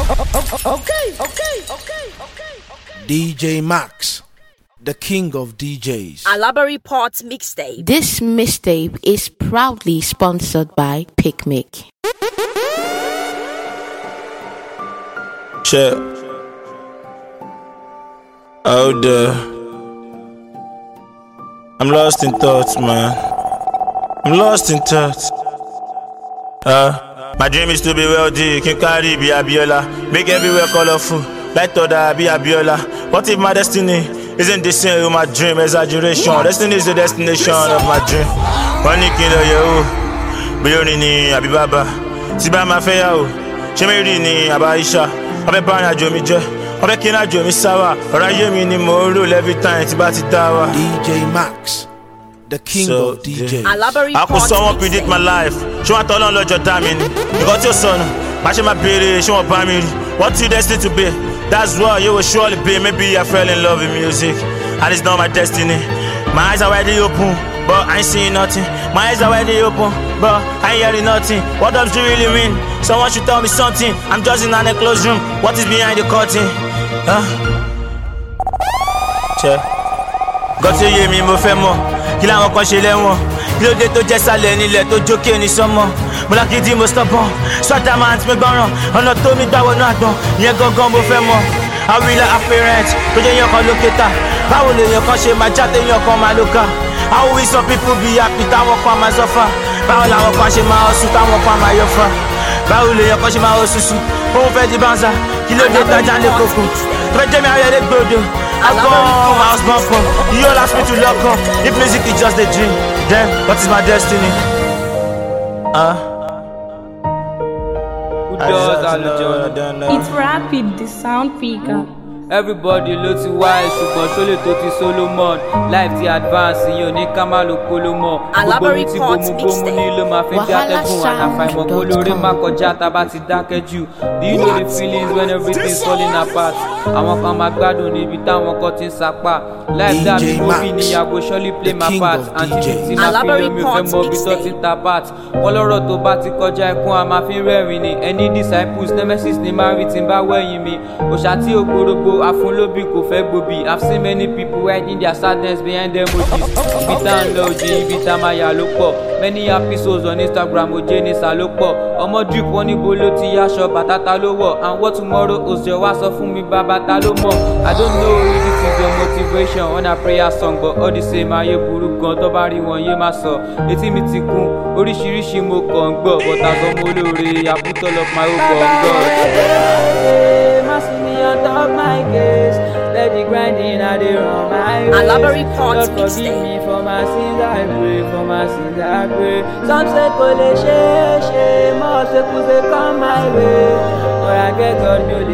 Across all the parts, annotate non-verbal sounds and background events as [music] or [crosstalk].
okay, okay, okay, okay, DJ Max, the king of DJs. Alabari Parts mixtape. This mixtape is proudly sponsored by Picnic. Check. Oh dear. I'm lost in thoughts, man. I'm lost in thoughts. Uh My dream is to be wealthy, King Kari be Abiola. Make everywhere colorful, like Toda be Abiola. What if my destiny isn't the same with my dream? Exaggeration, destiny is the destination of my dream. Wọ́n ní kí n lọ yẹ̀ wò, bí ni àbí bàbá. Tí bá máa fẹ́ yà wò, ṣé mi rí ni àbá Aisha? Wọ́n fẹ́ bá arìn àjò mi ni mo rò lẹ́bí táyìn tí DJ Max. the king so, of DJs. Alabari could kò sọ wọn predict my life ṣé want tọ́lọ́ lọ́jọ́ dá mi ni nǹkan your son, sọnù bá ṣe máa béèrè ṣé wọn me. mi rí what you destined to be that's what you will surely be maybe I fell in love with music and it's not my destiny my eyes are wide open but I ain't seeing nothing my eyes are wide open but I ain't hearing nothing what does it really mean someone should tell me something I'm just in an enclosed room what is behind the curtain. Huh? Check. Gọ́tí yé mi mo fẹ́ mọ̀. kí làwọn kan ṣe lẹ́wọ̀n kí ló dé tó jẹ́ sálẹ̀ nílẹ̀ tó jókè ní sánmọ̀ mo lákìdí mo stọ́bọ̀n sọ́tà máa ti mi gbọ́ràn ọ̀nà tó mi gbà wọnú àgbọ̀n ìyẹn gangan mo fẹ́ mọ̀ àwìlà apparent tó jẹ́ yẹn lókèta báwo lèèyàn kan ṣe máa jáde yẹn kan máa lóka how we some people be happy táwọn kan máa suffer báwo làwọn kan ṣe máa ọsùn táwọn kan máa yọfa báwo lèèyàn kan ṣe máa ọsùn sùn òun fẹ́ di báńsà kí ló dé tájà lẹ́kọ̀ọ́kùn tó fẹ́ jẹ́mi ayọ̀lẹ́gbẹ̀ọ́dọ̀ Alcohol, house bumper. You all ask me to lock on. If music is just a dream, then what is my destiny? Uh. Who does I It's rapid, the sound figure. everybody ló ti wá ẹ ṣùgbọ́n ṣólè tó ti solomon life ti advance yìí ò ní ká má lo kóló mọ́ gbogbo ohun tí bomubomu ní ló máa fi ń dátẹ́kùn àlàfàìmọ̀ kó lórí má kọjá tá a bá ti dákẹ́ jù do you know the feelings when everything is falling apart àwọn kan máa gbádùn níbi táwọn kan ti ń sapá life dàbí movie ni i go surely play my part and títí tí máa fi yan mi ò fẹ́ mọ ibi tó ti ta part kọ́lọ́rọ̀ tó bá ti kọjá ẹkún a máa fi rẹ́rìn-ín ni ẹni disciples nemesis ni máa rí tí ń bá wẹ̀yìn mi òṣà tí ògbórógbó afunlobi kò fẹ́ gbobi i've seen many people hiding their sadness behind emojis ibita nlọji ibita maya ló pọ̀ many happy souls on instagram oje nisa ló pọ̀ ọmọ drip wọn níbo ló ti yaṣọ bàtàtà ló wọ̀ and what tomorrow oṣù wa sọ fún mi bàbá ta ló mọ̀ i don't know if this is your motivation on a prayer song but all the same ayé burú gan tó bá rí wọn yé má sọ etí mi ti kún oríṣiríṣi mo kàn ń gbọ́ but as ọmọ olóore i put all of my hope on god. on top my case. Let grinding my forgive me for my sins, I pray. For my sins, I pray. Some say, say, come my way. I get God life.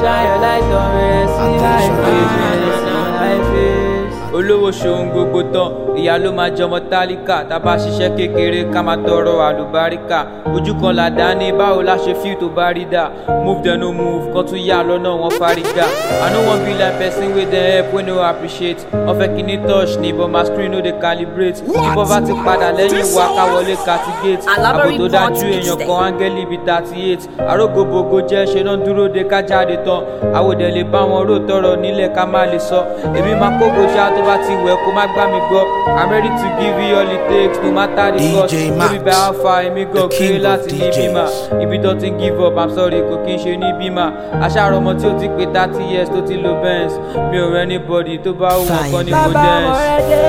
Shine your light on me and see my face. See my face. olówó ṣohun gbogbo tán ìyá ló máa jọmọ tálíkà tá bá ṣiṣẹ́ kékeré ká máa tọrọ àlùbáríkà ojú kan là dání báwo la ṣe fíìtò bá rí dà move dem no move kan tún yá lọ́nà wọn fárígà i no wan be like person wey dem help wey no appreciate wọn fẹ́ kí ní touch ni but my screen no dey calibrate ìbọn bá ti padà lẹ́yìn wa ká wọlé kàti gate àbò tó dájú èèyàn kan áńgẹ́lì bíi thirty eight arógbogbogbo jẹ́ ṣe náà dúró de ká jáde tán àwòdẹ̀ lè bá wọn rò tọrọ nílẹ̀ ká má lè sọ èmi máa kó gbòjá tó tó bá ti wẹ̀ kó má gbá mi gbọ́ i'm ready to give you all it takes no matter the cost lórí bá a fa èmi gan kéré láti ní bímà ibi tó ti give up i'm sorry kò kí n ṣe ní bímà aṣáàrọ̀ ọmọ tí ó ti pé thirty years tó ti lo benz mi ò rẹ́ anybody tó bá wù ọkọ ni mo dance. bàbá ọ̀rẹ́dẹ̀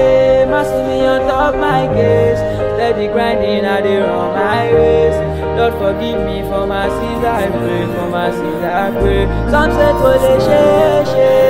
eh, má sùn mí on top my case steady grinding i dey run my race. Lord forgive me for my sins I pray for my sins I pray. Some say kò lè ṣeé ṣe.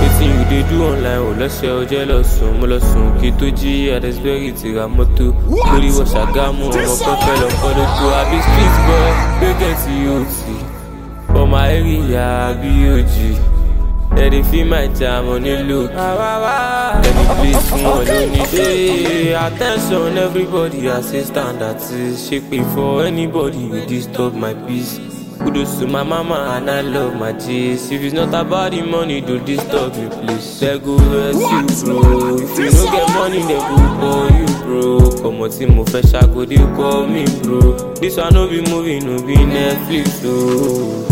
wetin you dey do online o oh, lọ́sẹ̀ ọjọ́ lọ́sùn mo lọ́sùn kí tó jí adesberry ti ra mọ́tò lórí wọ ṣàgámù ọmọ pẹ́pẹ́ lọ́kọ́ ló tó àbí street boy ló gẹ̀ tí yóò tì ọmọ àríyá bí yóò jì ẹni fi máa jà mọ́ nílò ẹni place fún ọ lónìí dé attention everybody as a standard ṣe pé for anybody you disturb my peace. Kudos to my mama and I love my tears. If it's not about the money, don't disturb me, please. They go rest you, bro. If you don't get money, they go call you, bro. Come Ọmọ tí mo fẹ́ ṣàkó, they call me, bro. This one no be movie, no be Netflix, though.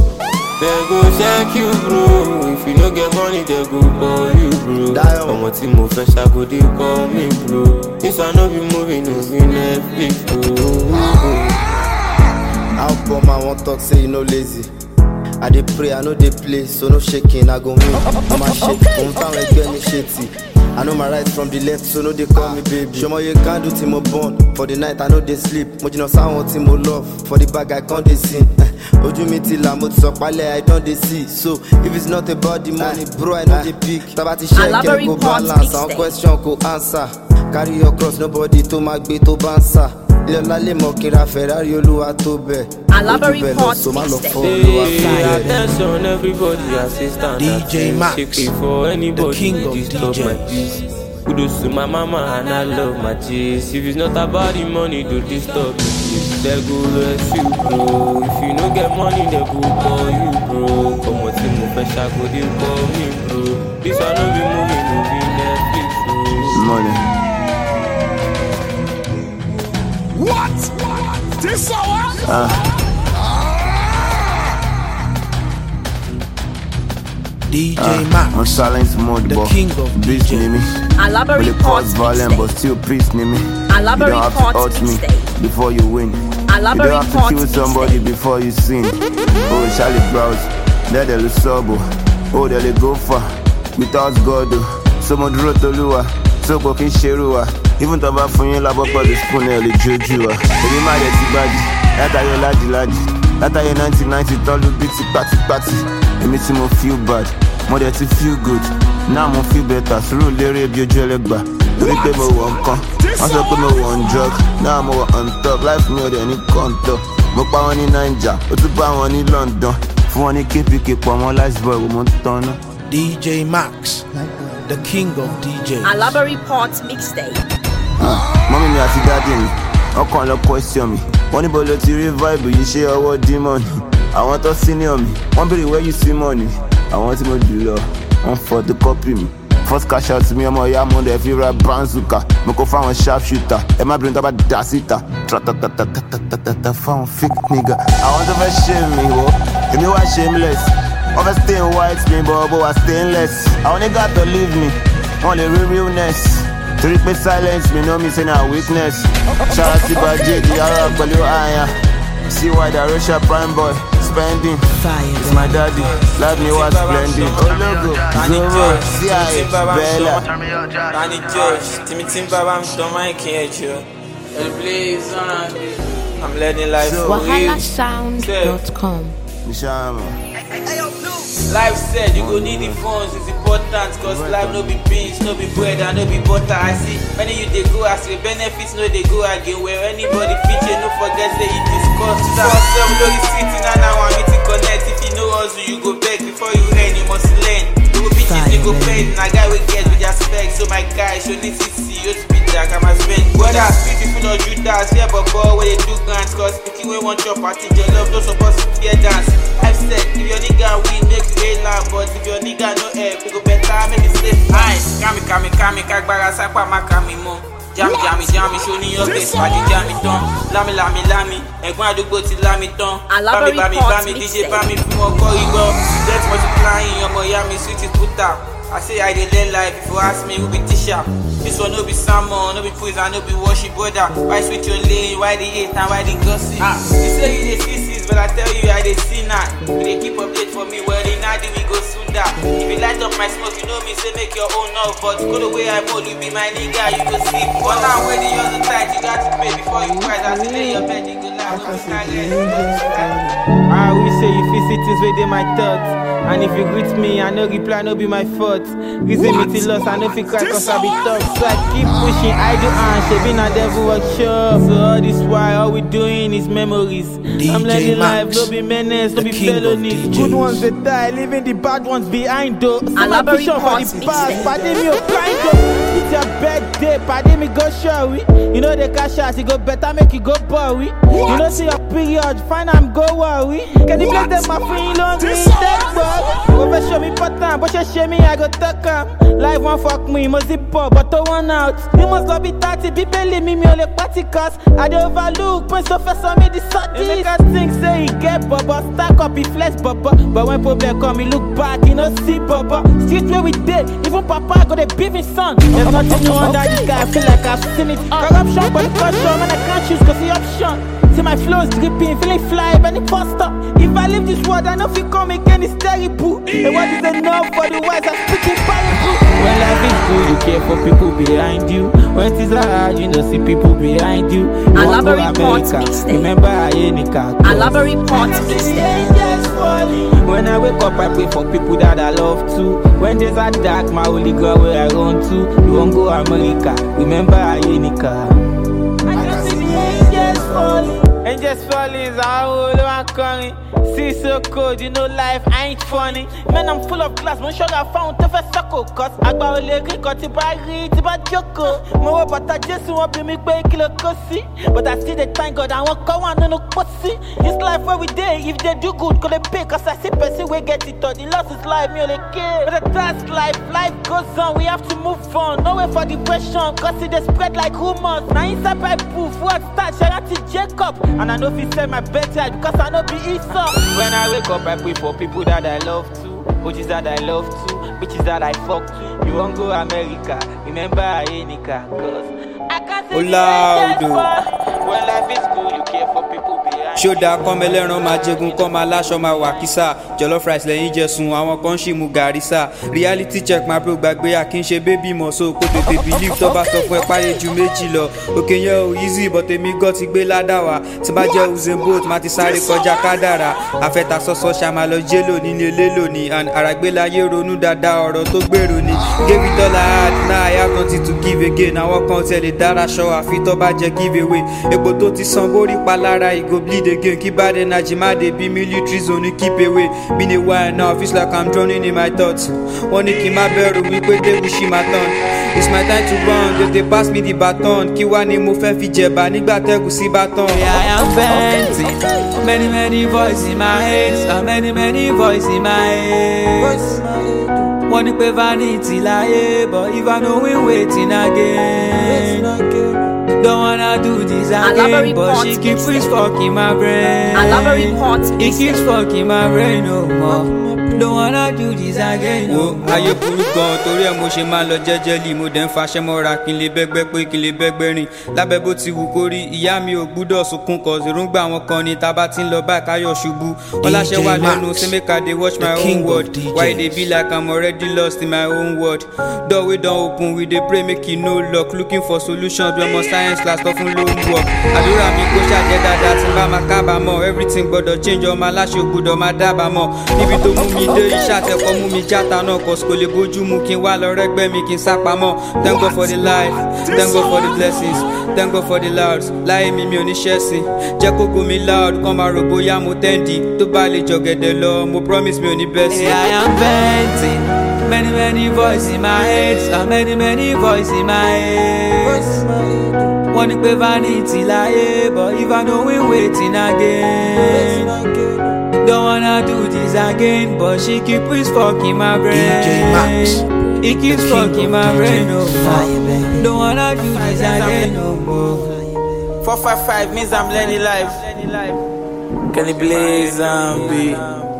They go check you, bro. If you no get money, they go call you, bro. Come Ọmọ tí mo fẹ́ ṣàkó, they call me, bro. This one no be movie, no be Netflix, though. How come I won't talk say you no lazy? I dey pray, I no dey play, so no shaking, I go win. No my shake, òun táwọn ẹgbẹ́ mi ṣe I know my right from the left, so no dey call me baby. Show Ṣọmọ can't do tí mo burn, for the night I know they sleep. Mo jìnnà sáwọn tí mo love, for the bag I con dey sing. [laughs] Ojú mi ti là, mo ti sọ pale. I don dey see. So if it's not about the money, bro, I no dey pick. Tàbá ti ṣe ẹ̀kẹ́ go balance, àwọn question kò answer. Carry your cross, nobody tó máa gbé tó bá lẹ́la lè mọ̀ kíra ferrari olúwa tó bẹ̀. alabari port mixtape. pay attention everybody assistant DJ Max the king of DJs. Kudos to my mama and I love my cheese. If it's not about the money, don't disturb me. Please. They go let you, bro. If you no get money, they go call you, bro. Come on, team, no pressure, go they call me, bro. This one no be movie, no be Netflix, bro. Money. What? This hour? Uh. Ah. DJ uh, ah, Max, I'm silent mode, the king of bitch DJ. me. Elaborate really parts violent, but still preach me. Elaborate you don't have to out me before you win. Elaborate you don't have to kill somebody before you sin. Oh, Charlie Browse, that the sobo. Oh, that oh, they go far. Without God, oh. someone drew to lure. So, fucking Sherua. Even tó bá fún yín lábọ́ pẹ̀lú spoon ẹ̀ lè jojú wa. Èmi má rẹ̀ ti bájì, látàyè ládìládì, látàyè 1990 tán ló bí ti pátípátí. Èmi tí mo feel bad, mo dẹ̀ ti feel good. Now mo feel better, sùúrù lérè bí ojú ẹlẹ́gbà. Torí pé mo wọ̀ nǹkan, wọ́n sọ pé mo wọ̀ on drug. Now mo wọ̀ on top, life mi ò dẹ̀ ní kọ́ńtọ̀. Mo pa wọn ní Naija, ó tún bá wọn ní London. Fún wọn ní KPK pọ̀ mọ́ Lice Boy, mo ń tán DJ Max, the king of DJs. Alabari Port Mixtape. mọ́mí mi àti dáàdì mi ọkàn lọ question mi wọ́n níbo ló ti rí vibe yìí ṣé ọwọ́ dímọ̀ ni àwọn tó senior mi wọ́n béèrè where you see money àwọn tí mo jù lọ wọ́n copy mi first cash out mi ọmọ ìyá mo dẹ̀ fi ra banzuka mo kó fáwọn sharp shooter ẹ má bìnrin tó bá dà síta tratatatatatatatata fáwọn fake nigga àwọn tó fẹ́ ṣe mi wò èmi wá shameless wọ́n fẹ́ stain white mi bọ̀ bọ̀ wá stainless àwọn onígbà tó leave me wọ́n lè rí realness. Treat me silence, me know me say weakness. Chassis by JD, I rock value See why the Russia prime boy spending. It's my daddy, love me was splendid. Oh logo, Zoro, CIA, Bella. Danny Josh, Timmy Timbabam, Domai Kietcho. El Blaze, I'm learning life for real. WahalaSound.com. Mishama. Life said you go need the funds, it's important Cause life no be peace, no be bread and no be butter I see many you they go ask the benefits no they go again Where anybody feature no forget say it is cost Some no be sitting and now I'm meeting connect If you know us you go back before you end you must Fire, you go pay, I got we get with their specs. Oh so my guys, you need to see you speed jack, I must spend. What I speak, people know Judas, yeah, but boy, where they do guns, cause you ain't want your party, your love, no supposed to be a dance. I've said, if your nigga win, make you a lamb, but if your nigga no air, we go better, make it safe. Aye, kami, kami, kami, kagbara, sakwa, makami, mo jami jami jami sóní ọbẹ̀ ìpàdé jami tán lámi lámi ẹ̀gbọ́n àdúgbò ti lámi tán bámi bámi bámi díje bámi fún ọkọ igbó let multiplying ọmọ ìyá mi sweet is put I say I dey learn life if ask me who be teacher this one no be sermon no be praise and no be worship brother why sweet your lane why the hate and why the gossip ah. you say you dey see You say make your own now, but go the way I want. you be my nigga, you go sleep. But now where the other side, you got to pay before you cry, that's the lay your bed, you go I ah, will say if you see things within my thoughts. And if you greet me, I know reply, no be my fault. Reason me to lost, I know fi cry cause I be tough. So I keep pushing, I do and she been a devil workshop. So all this while, all we doing is memories. DJ I'm letting Max, life, no be menace, no be felonies. Good ones that die, leaving the bad ones behind though. So my vision for the past, pardon me, you're though your birthday, party me go show it. You know the cash out, it go better make you go boy You know see your period, fine I'm go worry. Can you play them my free long green take bob? Over show me pattern, but you show me I go tuck up. Life one fuck me, must zip up, but I one out. You must go be 30, be belly me me only party cause I don't overlook, prince professor me the sort You make us think say he get bubba, stack up he flex bubba. But when problem come, he look back, he know see bubba. Street where we did, even papa got a baby son. There's nothing. No wonder this guy, I feel like I've seen it. Corruption, but corruption, man, I can't choose cause the option. See my flow's dripping, feeling fly, but it can't stop. If I leave this world, I know if you come again, it's terrible. The world is enough for the wise, I'm speaking powerful. When life is good, you care for people behind you. When it's hard, you know, see people behind you. you I love a report, Remember, I ain't a Alaba report, mixtape falling. When I wake up, I pray for people that I love too. When days are dark, my only girl where I run to. You won't go America, remember Ayenika. Angels falling, Zaholo and Curry. See so cold, you know life ain't funny. Man, I'm full of glass, My sugar found, tó fẹ́ circle Cause I ò lè rí kan tí bá rí tí bá jókòó. Mo wọ bàtà Jésù wọn me mi pé kí ló kó sí. But I still dey thank God àwọn kan wà nínú pósí. This life wey we dey, if they do good, go dey pay. Cause I see person we get it all, the loss is life, me only care. But But that's life, life goes on, we have to move on. No way for depression, cause it dey spread like rumors. Na inside Bible, words start, ṣe láti Jacob. And I know if you say my better because I know be it When I wake up, I pray for people that I love too. bitches that I love too. Bitches that I fuck too. You won't go America. Remember I ain't Cause I can't say oh, loud. When life is cool, you care for people. ṣódà kọ́mẹlẹ́ran máa jẹgun kọ́ máa láṣọ máa wà kísà jollof rice lẹ́yìn jẹ̀sùn àwọn kan ṣì mu gàrí sà reality check máa bro gbàgbé àkínṣe bébì mọ̀ so kó tètè believe tó bá sọ fún ẹ páyé ju méjì lọ òkè yẹn ò easy but èmi gan ti gbé ládàwà tí bá jẹ́ usain bolt máa ti sáré kọjá kádàrà àfẹ́tà sọ́sọ́ ṣàmàlọ́ jélò nílé lélò ni and àràgbélayé ronú dáadáa ọ̀rọ̀ tó gbèrò ni gébí tọ́lá àdínà àyà kan ti tún give again àwọn kan tẹ̀lé dára ṣọ àfi tó bá jẹ́ give away epo tó ti san bórí pa lára ìgò bleed need again. Keep bad energy, my day be military zone, keep away. Been a while now, feels like I'm drowning in my thoughts. One in my bedroom, we put them wishing my turn. It's my time to run, cause they pass me the baton. Kiwa ni mo fe fi jeba, nigba tegu si baton. I am venting. Many, many voices in my head. many, many voices in my head. wọ́n ní pé vanity láyé but if i know we waiting again. Don't wanna do this again, but she keeps fucking my brain. I love a report. It keeps fucking my brain no more. Don't wanna do this again. wo ayé burú gan torí ẹ mo ṣe máa lọ jẹ́jẹ́lì mo dẹ̀ ń faṣẹ́ mọ́ra kí n lè bẹ́gbẹ́ pé kí n lè bẹ́gbẹ́ rìn lábẹ́ bó ti wù kó rí ìyá mi ò gbúdọ̀ sunkún kọ̀ zèrúngbà wọn kan ni tá bá ti ń lọ bá káyọ̀ ṣubú wọn wà lẹ́nu say make I dey watch my own world why e dey be like I'm already lost in my own world door wey don open we dey pray make e no lock looking for solutions wey ọmọ science class tó fún ló ń wọ àdúrà mi kó ṣàjẹ́ dáadáa tí n bá máa kábàámọ̀ everything gbọ́dọ̀ change ọmọ aláṣẹ ògbúdọ̀ máa dábàámọ̀ níbi tó mú mi Babájídé iṣẹ́ àtẹ̀kọ́ mú mi játa náà kò sì kò lè bójú mu kí n wá lọ rẹ́gbẹ́ mi kí n sá thank God for the life thank God for the blessings thank God for the louds láyé mi mi ò ní ṣẹ́sìn jẹ́ kó gun mi loud kàn máa rò bóyá mo tẹ́ǹdì tó bá lè jọ̀gẹ̀dẹ̀ lọ mo promise mi ò ní bẹ́ẹ̀ sí. I am venting many many voices in my head So many many voices in my head. wọ́n ní pé vanity láyé but if I know we waiting again. Don't wanna do this again, but she keeps fucking my brain. It keeps fucking my brain, no more. Don't wanna do this again no more. 455 means I'm learning life. Can you please um, be?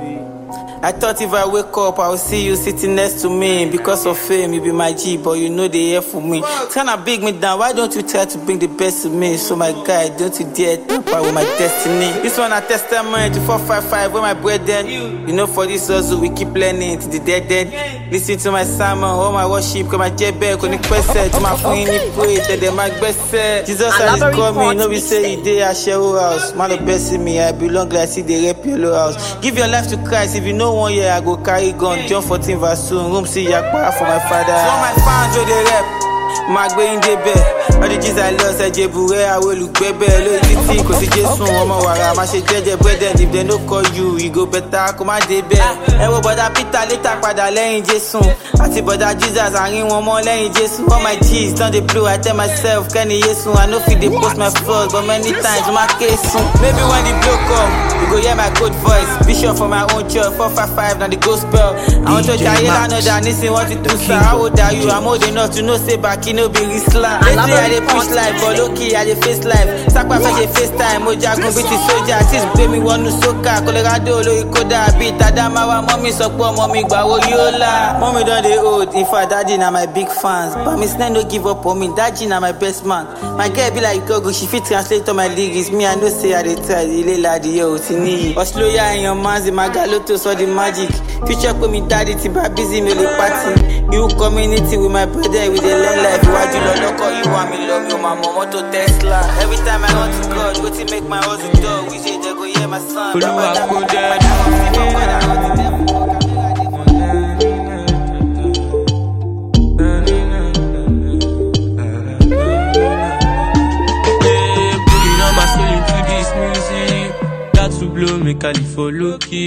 I thought if I wake up, I will see you sitting next to me. Because of fame, you be my G, but you know they here for me. Trying to big me down, why don't you try to bring the best to me? So my guy, don't you dare to tamper with my destiny. This one I testament to 455 with my brethren. You know for this also we keep learning to the dead end. Listen to my sermon, all my worship, come my jebe, come kwese, to my queen, okay, pray, they the best bese. Jesus I is coming, know we say you there, I share house. Man the best in me, I belong like see the rep your house. Give your life to Christ if you know one year, I go carry gun. John 14 verse 2. Room see for my father. So my fans, rep. My in the bed ọdíjì silas ẹ̀jẹ̀ bùrẹ́ àwọn olùgbẹ́bẹ̀ lórí títí kò sí jésù ọmọ wàrà má ṣe jẹ́jẹ́ bẹ́dẹ̀ if They no call you You go better kó má dé bẹ́ẹ̀. Ah. ẹ wo bọ́dà peter létà padà lẹ́yìn jésù àti bọ́dà jesus àárín wọn mọ́ lẹ́yìn jésù all my g's don dey blow i tell myself kẹ́ni yéṣu i no fit dey post my flaws but many times má ké sun. maybe when the blow come you go hear my good voice bishop for my own church four five five na the gospel. àwọn tó jayé lánàá dà nísìnyí wọ́n ti tún sá. how would are you i'm old enough to know say baki no be risla. Money, I dey punch life, but low key, I face life. Sacrifice, I face time. Ojagun beat the soldier. Sis gbé mi wọnú sókà. Colorado lórí kódà. Beat Adamawa, mommy sọ pé ọmọ mi gbà wo yóò la. Mọ́mí don dey old. if fact, daddy na my big fans. Bami Sinai no give up on me. Daddy na my best man. My girl be like Gogo, she fit translate all my lyrics. Me, I know say I dey try. Ilé ladi slow ya in your èèyàn Manzi, Magaloto sọ the magic. Future pé me, daddy ti bá busy mi the party. You community with my brother, we dey learn life. you lọ call you wá. Mi love you ma mo moto tesla Every time I want to call you Te make my house a dog We say de go ye ma san Polou ak kou de djou Pou di nan ma se yon kou dis muzik Dat sou blou me kani folou ki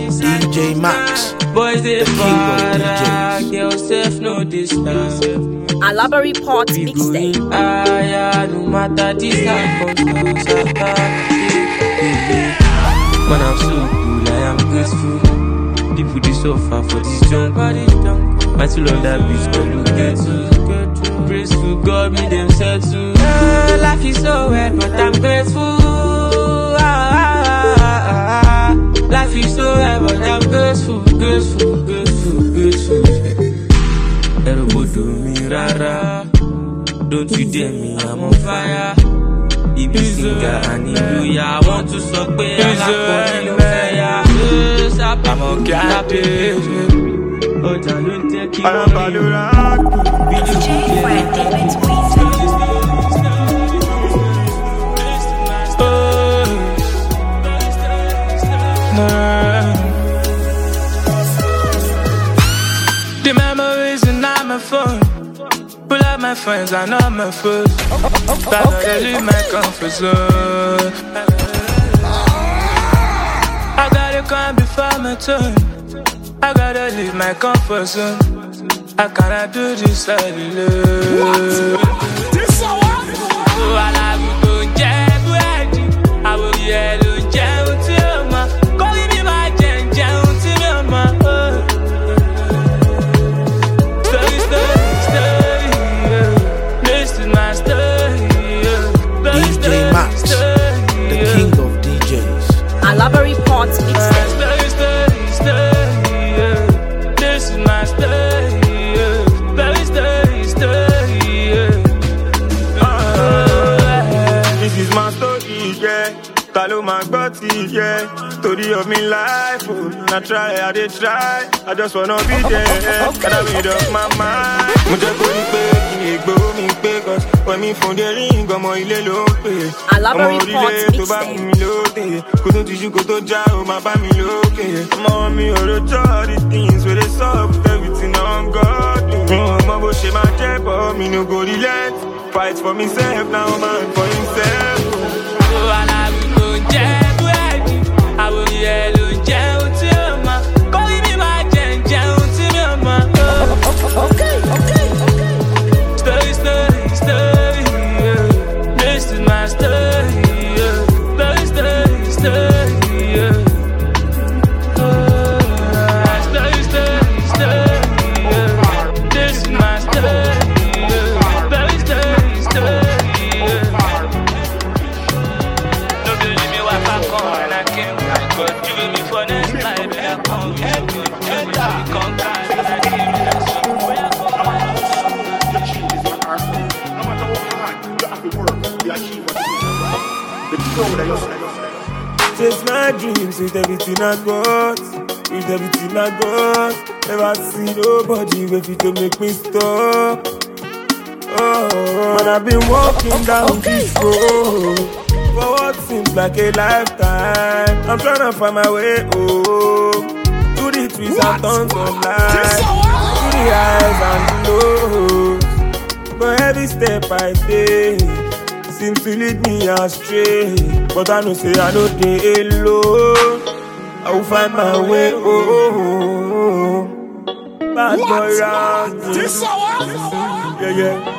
J Max. Boys, they the far, girl, Yourself, no distance. Alabari Port Mixtape. Ah, no matter distance, comes closer. Man, I'm so cool, I am graceful. People, they suffer for this junk. My two love that bitch, but look at you. Praise to God, me them settle. Ah, life is so hard, but I'm grateful. Life is so hard, but I'm grateful, grateful, grateful, grateful. Ergo do me rara. Don't you dare me, I'm on fire. Ibi singa and hallelujah. I want to suck me, I like for fire. Yes, I'm on Ọjà ló ń jẹ́ kí wọ́n rí. Bí jù kí ẹ. The memories are not my fault. Pull out my friends, I know my foot. But I leave my comfort zone. I gotta come before my turn. I gotta leave my comfort zone. I cannot do this alone. Story of me life, oh, I try, I did try. I just wanna be there, okay, and I read okay. up my mind. Mo jẹ́ kó ní pé kí lè gbowó mi pé cause wọ́n mi fún dẹ́rì ọmọ ilé ló ń pè. Ọmọ orílẹ̀ tó bá mú mi lóde, kó tó tijú kó tó já o my bá mi lo lókè. Ọmọ mi ò rojọ́ the things where they suck, with everything i on God. Ọmọ bó ṣe máa jẹ́ bọ́ mi ní ogorí lẹ́t. Fight for myself now man for himself. dreams with everything I got. With everything I got. Never see nobody with it to make me stop. Oh, and I've been walking down okay, this road okay. for what seems like a lifetime. I'm trying to find my way home through the I've done of life, to the highs and lows. But every step I take seems to lead me astray. but i know say i no dey alone i will find my way oh oh oh bad boy round me yeah yeah.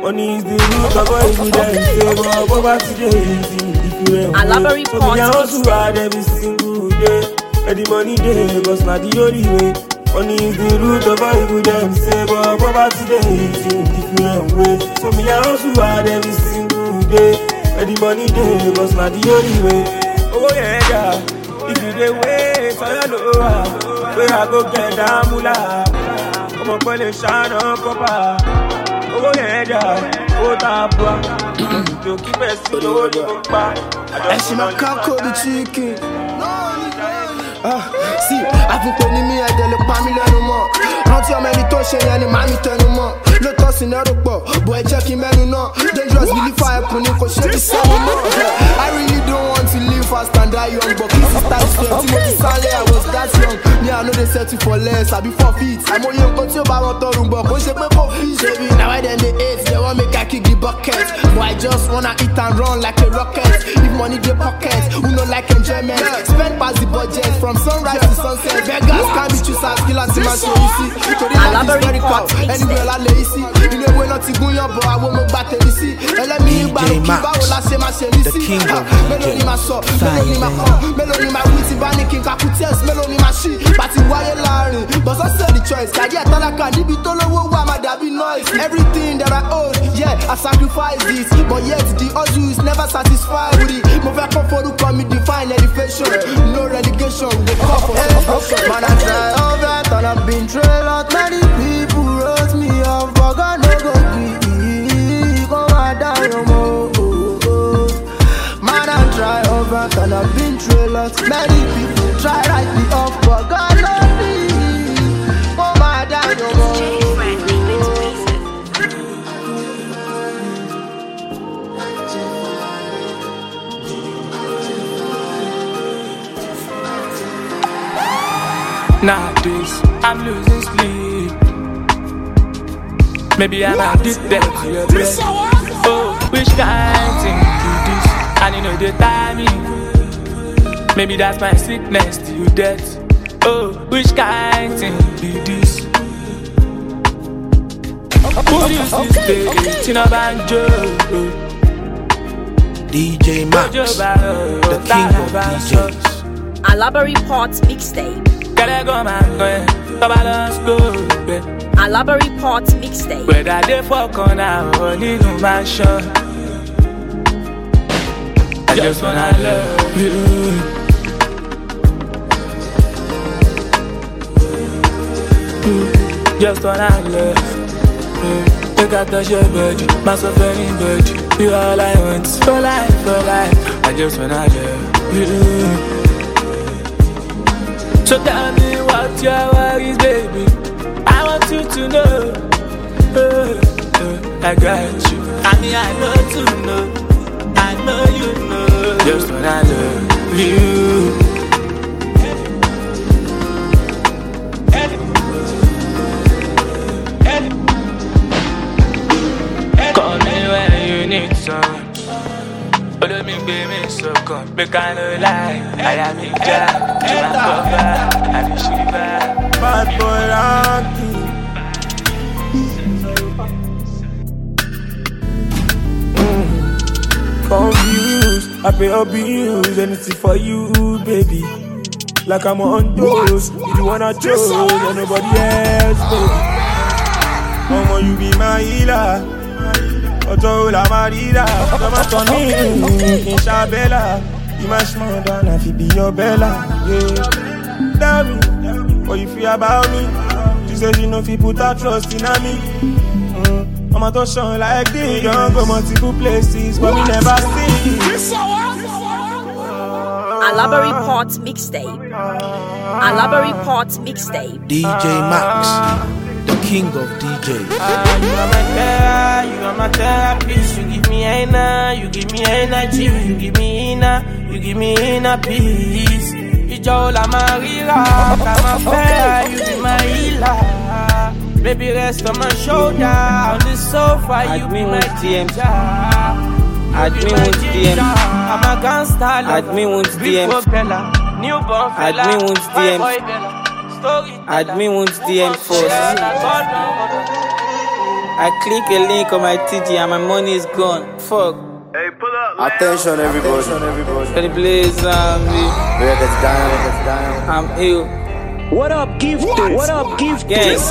Money is the root of all evidence, so go back to about easy. If you ain't hungry, so me I hustle hard every single day. Where the money dey, cause na the only way. Money is the root of all evil, them say, but poverty about is in different ways. So me I hustle hard every single day. Where the money dey, cause not the only way. Oh yeah, yeah. If you dey wait I your lower, where I go get that moolah. Ọmọ pẹ̀lẹ́ ṣáná kọ́pà. Oh, owó yẹn jà, ó ta bua. Tó kí bẹ́ẹ̀ sí owó ní mo pa. Ẹ̀sìn máa ká kóbi chicken. Ah, sí, àfipè ni mí ẹ̀jẹ̀ lè pa mí lẹ́nu mọ́. Rántí ọmọ ẹni tó ṣe yẹn ni màá mi tẹnu mọ́. sí pọ̀ bọ̀ ẹ jẹ́ kí mẹ́nu náà dangerous ẹkùn ni kò ṣe náà. I really don't want to live fast and die young but kí sísá ìfẹ́ tí mo ti sálẹ̀ I was that me, I know they settle for less, I be for feet. I'm only on continue by what I'm but when for feet. Baby, now I then they hate, they want make I kick the bucket. But I just wanna eat and run like a rocket. If money they pocket, who know like enjoyment. Spend past the budget from sunrise to sunset. Beggars can be choosers, killers, man, so you see. Today, I'm very cut, anywhere I lay, see. You know, we're not going up, but I won't make back and see. And let me back, báwo la ṣe máa ṣe mí sí. mélòó ni màá sọ mélòó ni màá kọ mélòó ni màá wí bá ní kí n kakú tíẹ̀sì mélòó ni ki n kaku ni maa si pàtí wáyé láàrin bọ́sọ̀ sọ the choice kàdí àtàlákà níbi tó lówó wà má dàbí noise everything that I own yeah I sacrifice this but yet the hustle is never satisfied with it mo fẹ́ kọ́ forúkọ mi define elevation no relegation go call for promotion. man I try all that and I been trail out many people wrote me off but no go gree kó má dá yọ̀ mọ́ Man I try over and I have been trail out many people try right me but God love me. Oh, my dad, oh, oh. Nowadays, I'm losing sleep. Maybe I'm addicted to your breath. Oh, which kind thing do this? And you know the timing. Maybe that's my sickness to you death. Oh, which kind thing be this? Who do you see Tina Banjo DJ Max The king of DJs Alabari Parts Mixtape Alabari Parts Mixtape Whether they fuck on or in a mansion I just wanna love you mm, just what I left. Mm, look at the shepherd, myself any bird. You all I want for life, for life. I just wanna love you. Mm. So tell me what your worries, baby. I want you to know. Uh, I got you. I mean, I know to know. I know you know. Just what I love you. sun. Follow me, baby, so come. Make I no lie. I am in jail. To my cover, I be shiva. Bad boy, mm. Rocky. Confused, I pay abuse, anything for you, baby. Like I'm on those, you the one I chose, nobody else, baby. Mama, you be my healer ọjọ́ òòlà máa ríra ọmọ í ṣàbẹ́là ìmáṣímọ̀ dáná tell me what you feel about me she say she no put her trust in me. Mm. tó like this go multiple places but we never see. Mixtape. Alabari Port Mixtape. DJ Max king of DJs. Ah, you are my terror, you are my therapist. You give me inner, you give me energy, you give me inner, you give me inner peace. Ijola Marila, I'm a fair, you be my healer. Baby, rest on my shoulder, on the sofa, you be my teacher. Admin won't DM. I'm a gangster. Admin won't DM. Admin won't DM. Admin wants not DM first. I click a link on my TG and my money is gone. Fuck. Hey, pull up. Attention, everybody. Attention, everybody. Can you please, um, that's down, that's down. I'm ill. What up, gift? What, what up, gift? Yes.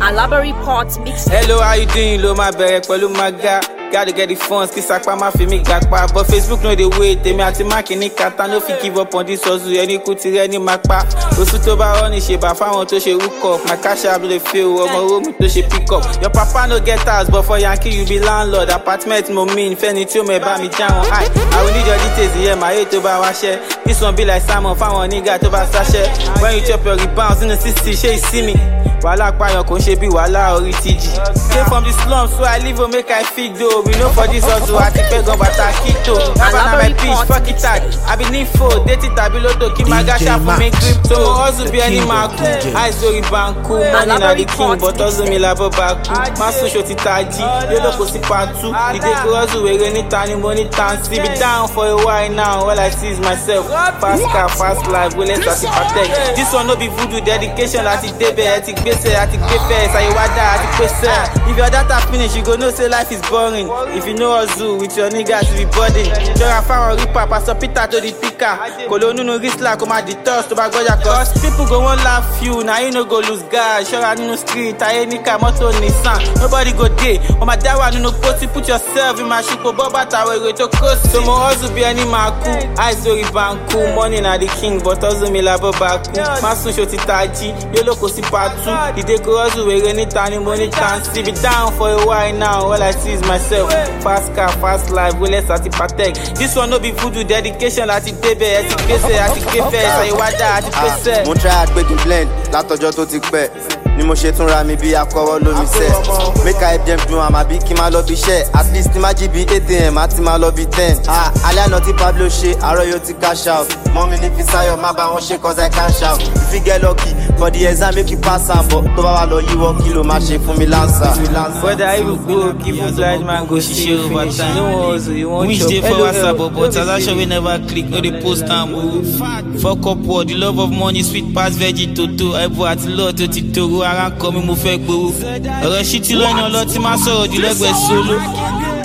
Alabari Port Mix. Hello, how you doing? Lo, my bag, pẹ̀lú my guy. Gotta get the funds, kiss akpa ma fi mi gakpa But Facebook no dey wait, èmi àti Máàkì ní kàtá No fi give up on this hustle, ẹni kú ti rẹ́ ní mapa Oṣù tó bá she ní ṣèbà fáwọn tó ṣe hook up My cash app dey fail, ọmọ Rómi tó she pick up Your papa no get us, but for Yankee you be landlord Apartment mo mean, fẹ́ni tí ó mọ̀ ẹ̀ bá mi jáwọn Hi, I will need your details, yeah, my eight tó bá wáṣẹ́ This one be like Simon, salmon fáwọn nígà tó bá sáṣẹ́ When you chop your rebounds, in the ṣé she see me? wàhálà pààyàn kò ń ṣe bí wàhálà orí tíjì. stay from the slums so i live o make i fit do we no for this hustle àti pé gan bàtà kíto nàbà na my pitch fọ́kì tag àbí nífò déètì tàbí lódò kí máa gáṣà fún mi crypto mo hustle bí ẹni máa kú àìsí orí banku money na the king but hustle mi làbọ̀ bá kú má sún ṣo ti ta jí yóò kò sí patu ìdè kí hustle wèrè níta ni mo ní tansi be down for a while now all i see is myself fast car fast life wey less than the patek this one no be voodoo dedication láti débẹ̀ ẹ ti gbé gbèsè àti gbé fẹ́ ṣàyè wá dá àti pé sẹ́. if your data finish you go know say life is boring if you know hustle with your niggas to be burden. jọra fáwọn rípa pásọ peter tó di píkà kò ló nínú rísílà kó máa di tọ́s tó bá gbọ́jà kọ́. people go wan laugh you na you no go lose guard ṣọ́ra nínú street ayé níkà mọ́tò nissan nobody go dey wọ́n máa dá wà nínú pósí put yourself in my shoe kò bọ́ bàtà wèrè tó kó sí. so mo hustle bí ẹni máa kú eyes lórí banku money na the king but hustle mi làbọ̀ bá kú má sún ṣo ti tají yóò lóko sí pàtó. bad. He take hustle away anytime, him money chance. To be down for a while now, all I see is myself. Fast car, fast life, we less at the patek. This one no be with dedication láti débẹ̀, ẹ ti gbèsè, àti gbèfẹ̀, ṣàyẹ̀wádà, àti pèsè. Mo try it blend látọjọ́ tó ti pẹ́. ni mo ṣe tún ra mi bí akọwọ́ lómi sẹ́ make i help dem do am àbí kí n máa lọ bí iṣẹ́ at least má jí bí eight á ti máa lọ bí ten ah, alẹ́ àná tí Pablo ṣe àárọ̀ yóò ti cash out mọ́mí ní fi sáyọ̀ má bá wọn ṣe cause i cash out if you get lucky for the exam make you pass am but tó bá wà lọ yíwọ́ kí ló máa ṣe fún mi lansa. bọ́dà ibùkún òkè fún blind man go ṣiṣẹ́ overtime no wan ọ̀zọ̀ you wan chop. which dey for whatsapp but transaction wey never click no dey post am o. Oh. fọ́kọ̀pọ̀ the love of money sweet pass veggie toto ẹ̀bùn àti lọ́ọ̀tò ti toro ara ń kọ mi mo fẹ́ gbowó ọ̀rọ̀ ṣí ti lọ́yìn ọlọ́tí má sọ̀rọ̀ jù lẹ́gbẹ̀ẹ́ sí olóko.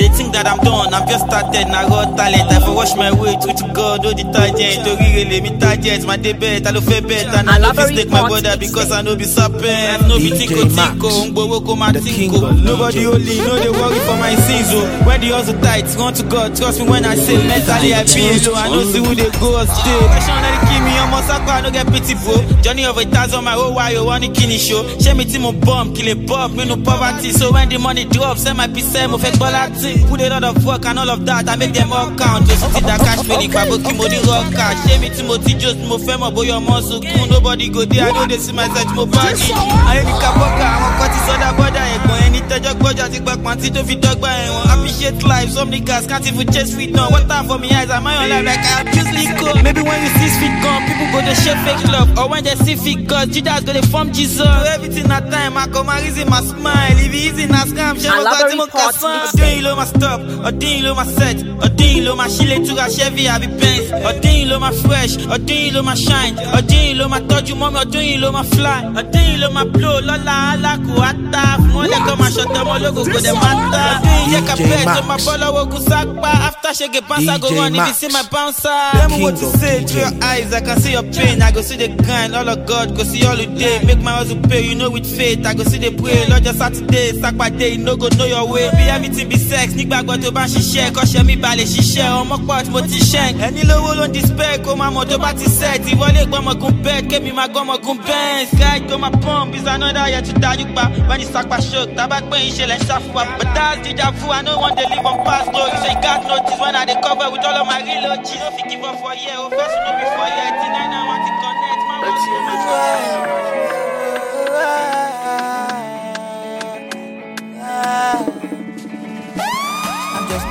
They think that I'm done, I'm just started, I got talent. I for wash my weight with God, oh detergent. Oh, really, me target, my debate, I love bet, and I love mistake my brother because I know be serpent. No be tico tico, umbo ko my tico. Nobody only know they worry for my sins, oh. When the also tight, run to God, trust me when I say mentally I feel low. I know see who they go stay. Question that kill me, I'm a sucker, I don't get pity, bro. Journey of a thousand, my whole oh, why you want to kill show. Share me team of bomb, kill a bomb, me no poverty. So when the money drops, send my piece, I'm a fake ball acting. Put a lot of work and all of that, I make them all count. Just see that cash feeling, Kwaboki money rock cash. Shame me Timothy, just mo femo, boy, your muscle cool. Nobody go there, I know they see my search, mo party. I ain't kapoka, I'm a cutty soda brother. Ẹ̀gbọ́n ẹni tẹ́jọ́ gbọ́jà ti gbàgbà tí tó fi dọ́gba ẹ̀wọ̀n. Appreciate life, some niggas can't even chase sweet What time for me eyes, am I on life like I am abuse liquor? Maybe when you see sweet come. people go to share fake love. Or when they see fake cause Judas go to form Jesus. Everything at time, I come, I reason my smile. If it's easy, I scam, share my time, I'm doing ma stock, ọdún ló ma set, ọdún yìí ló ma ṣílé túra Chevy àbí Benz, ọdún yìí ló ma fresh, ọdún yìí ló ma shine, ọdún yìí ló ma tọ́jú mọ́mi, ọdún yìí ló ma fly, ọdún yìí ló ma blow lọ́la alákùúta, fún ọ̀nà kan ma ṣọ̀tọ̀ ọmọ ológun kò dẹ̀ má ta, ọdún yìí yẹ ká bẹ́ẹ̀ tó ma ta odun ye ka bee ma bo lowo ogun sápá, after ṣege bouncer go run níbi sí my bouncer. Lẹ́mu wo ti ṣe through your eyes, I can see your pain, I go see the grind, all of God go see all you dey, make my hustle pay, you know with faith, I go see the pray, lọ́jọ́ Saturday, Saturday, day. no go know your way, be everything be sex. nígbàgbọ́ tó bá ṣiṣẹ́ kọ́ṣẹ́ mi balẹ̀ ṣiṣẹ́ ọmọ port mo ti ṣẹ́ ẹni lówó ló ń di spec kó máa mọ̀ tó bá ti set ìwọlé gbọ́mọ̀gùn bẹ́ẹ̀ kémi máa gbọ́mọ̀gùn bẹ́ẹ̀ sky tó máa pump is another yẹn tún dájú pa bani sapa shock tábà pé ìṣẹ̀lẹ̀ ń ṣàfùwà but that's jíjà fún wa no one dey live on past glory so you gats notice when i dey cover with all of my real OG no fit give up for year o oh, fast no be for year till nine i want to connect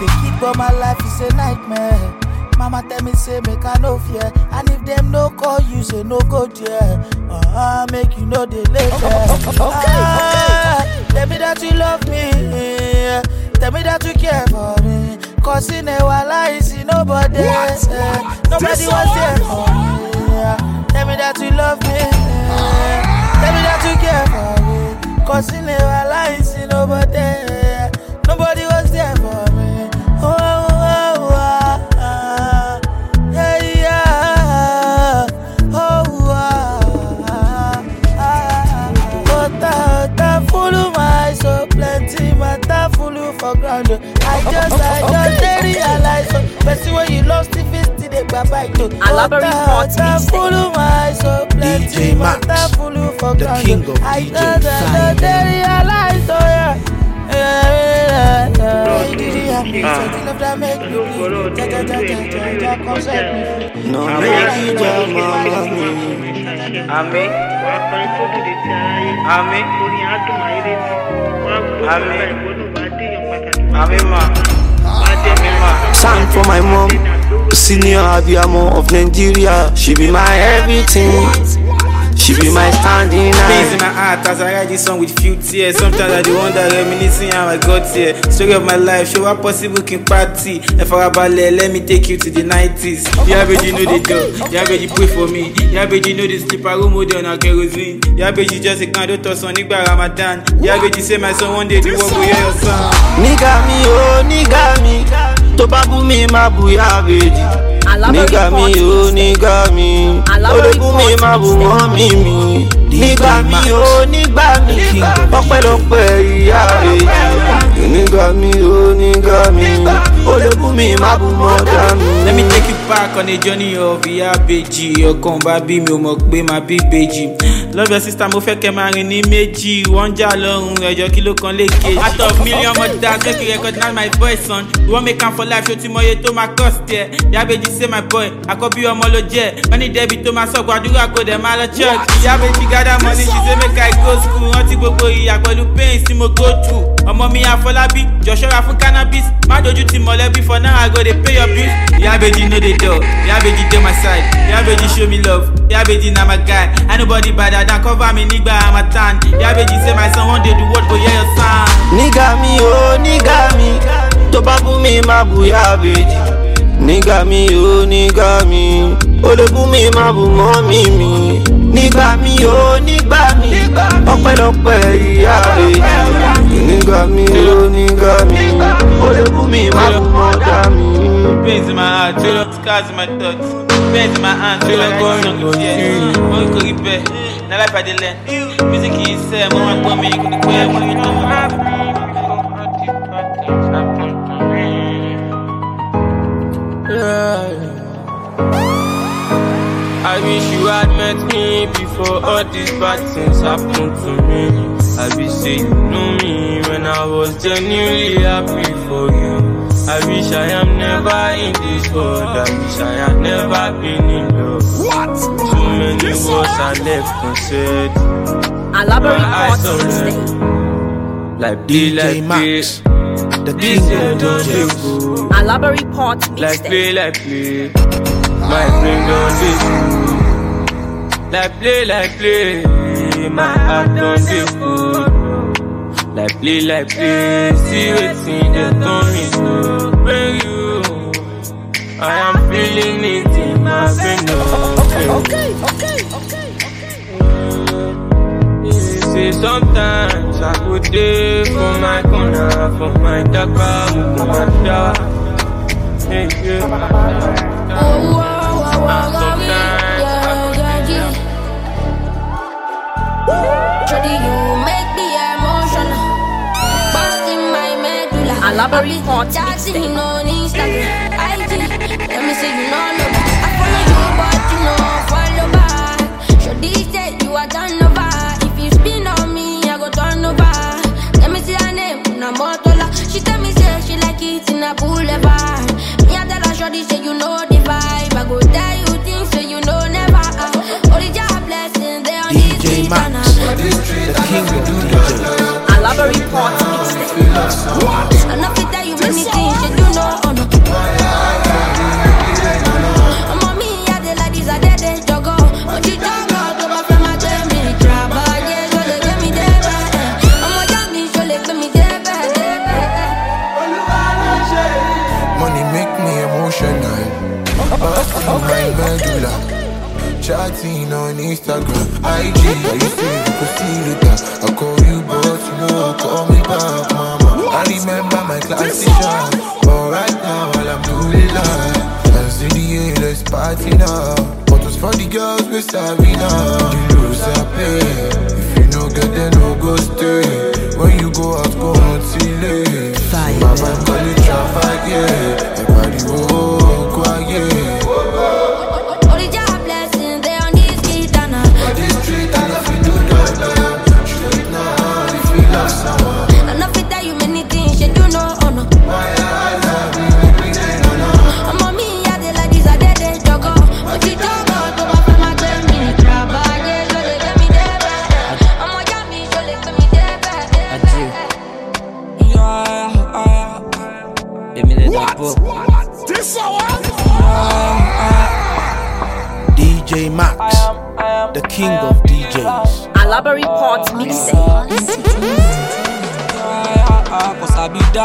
They keep on my life is a nightmare. Mama tell me say make I no fear, and if them no call you say no go there. Uh huh make you know they later. Okay, okay, ah, okay. Tell me that you love me, tell me that you care for me. Cause in a while I see nobody, what? What? nobody this was there for me. Tell me that you love me, tell me that you care for me. Cause in a while I see nobody. around. Uh. I just, I just, okay. they realize. Uh, person when you lost still feel still they bye bye to. Alabari Sports Mixtape. Follow my so plenty. DJ Max, the king of I DJ Fine. They realize, oh yeah. No make your Sang for my mom, senior Abiamo of Nigeria. She be my everything. She be my standing eye. Pains in my heart as I write this song with few tears. Sometimes I do wonder, reminiscing how I got here. Story of my life, show what possible can party. If I ballet, let me take you to the 90s. You already know the door, you already pray for me. You already know the slipper room mode on a kerosene. You already just a candle toss on Nigba Ramadan. You already say my son one day do what we hear your son. Nigga me, oh, nigga me. Tó bá bú mi, má bú yá nígbà oh, mi ó nígbà mi ológun mi máa bu wọ́n mi mi nígbà mi ó nígbà mi ọpẹ́lọpẹ́ ìyá rẹ̀ nígbà mi ó nígbà mi. olóbùnmi má dànù. let me take you back on a journey of ìyá bèjì ọkàn bá bí mi ò mọ̀ pé màá bí bèjì love your sister mo fẹ́ kẹ́ máa rìn ní méjì wọ́n jà lọ́rùn ẹ̀jọ̀ kí ló kan lè kejì. out of million mothers make you now, my boy, son you wan make am for life ṣó ti mọ iye tó máa cost ẹ̀ ìyá bèjì say my boy àkọ́bí ọmọ ló jẹ́ wọ́n ní dẹ́bi tó máa sọ̀gbọ́n àdúrà kó dẹ̀ máa lọ church. ìyá bèjì gather money she say make I go school rántí gbogbo ìyà pẹ̀lú pains tí mo go through ọmọ mi àfọlábí jọ̀ṣọ́ra fún cannabis má dojú ti mọ molebi for now i go they pay your bills yabeji no dey dull yabeji dey my side yabeji show me love yabeji na my guy i nobody bada dan cover me nigga. I'm nígbà harmattan yabeji say my son one day the world for hear your sound. nígà mi o oh, nígà mi tó bá bú mi oh bú yabeji nígà mi o oh, nígà mi ó lè bú mi má bú mọ́ mi mi nígbà mi o nígbà mi ọpẹ́lọpẹ́ ìyá rẹ̀. Nigga me, oh nigga me Olha por mim, oh, mas manda me Benzema, tira os casos, my thoughts Benzema, and tira o song, yes Mãe que ripé, na life I dey learn Music is say, mama told me you me? be where you me? I wish you had met me before all these bad things happened to me. I be say you know me when I was genuinely happy for you. I wish I am never in this world. I wish I had never been in love. What? Too many this words are left unsaid. Elaborate thoughts this day. Like DJ like Max. The king of DJs. Elaborate parts Like play, like play. My friend don't do. Like play, like play see my heart don't feel good. Like play, like play, see wetin dey turn me to bring you. I am feeling it in my veins. Okay, okay, okay, okay, okay. See, sometimes I go dey for my corner, for my dark room, for my shower. Hey, yeah. Oh, wow, wow, wow, wow. you make my medulla. I love on Instagram. IG. Let me see you know no I follow you, but you know follow back. said you are done over. If you spin on me, I go turn over. Let me see her name, She tell me say she like it in a boulevard. Me I tell her, you know the vibe. I go tell you things so you know never. Uh, only blessing, on DJ this the king of DJs. I love a report. Enough that you make me Instagram, IG. I used to you could feel the gas? I call you, but you know I call me back, mama. I remember my class teacher, but right now all I'm doing live. i the city, let's party now. Photos for the girls we're with Sabina. You lose a pay. If you no get, then no go stay. When you go out, go until late. My man call it traffic, yeah.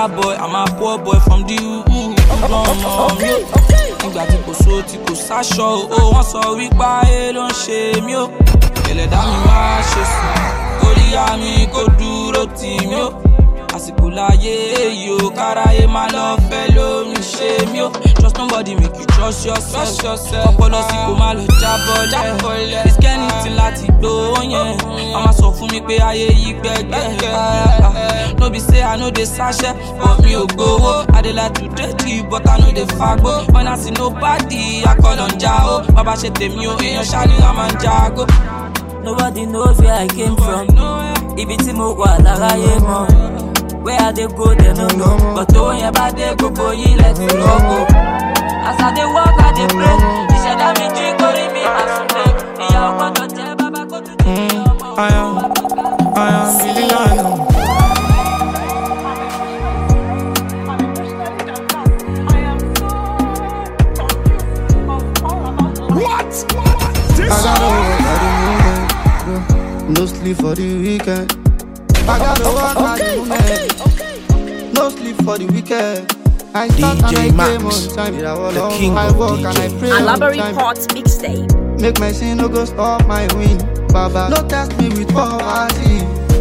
bad boy i'm a poor boy from the mm, ọmọ mi o nígbà tí kò so tí kò sáṣọ o wọ́n sọ wípé ayé ló ń ṣe mí o ẹlẹ́dá mi máa ṣe sùn kóríyá mi kó dúró tì mí o àsìkò láyé èyí o káráyé má lọ fẹ́ lómi. èmi o trust nobody make you trust yourself ọpọlọ sí kò má lọ jábọ́lẹ̀ ìsikẹ́ni ti láti i am a máa sọ fún mi pé ayé yí gbẹ́gbẹ́ ah, ah, ah. no be say i know the sasẹ́ but mi ò go. i dey like to dey you, but i know the dey fagbo when i see nobody I call on Jao. bàbá ṣe tèmi o in your ni I'm ń jago. nobody knows where i came from ibi tí mo wà láráyé mọ́. Where I they go, they no know. But oh, they go for you, let me go go. As I they walk, I they pray. said, drink, me, I'm so big. all want to tell Baba, go to the mm, oh, oh. I am, I am I got okay, Okay no sleep for the weekend. I DJ Max, the oh, king of DJs. Alabari Potts mixtape. Make my sin no go stop my win. Baba, no test me with poverty.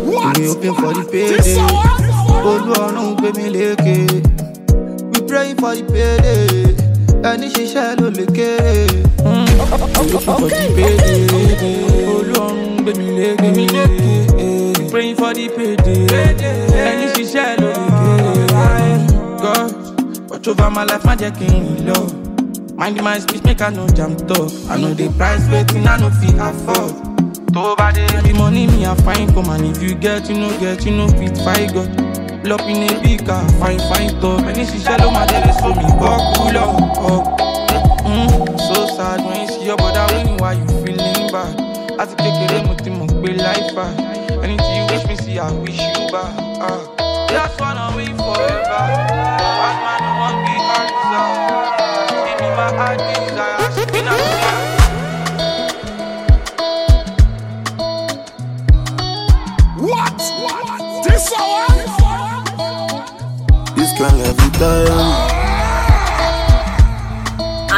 We open for the payday. Oh Olúọ̀run gbé mi lékè. We pray for the payday. Ẹni ṣiṣẹ́ ló lè kéré. We open for the payday. Olúọ̀run gbé mi lékè. We praying for the payday. Ẹni ṣiṣẹ́ ló over my life, my jacking low. Mind my speech, make I no jump though. I know the price, waiting, I no fee afford. Nobody dey The money me I find come and if you get you no know, get you no know, fit fight God Lop in a big car, fine fine top Ẹni she ló my délé so mi gbọ́ kú up. ọ̀ mm-hmm. So sad when you see your brother winning why you feeling bad Láti kékeré mo ti mọ̀ pé life bad Ẹni tí you wish me see I wish you bad uh. Ah. Just wanna win forever diary.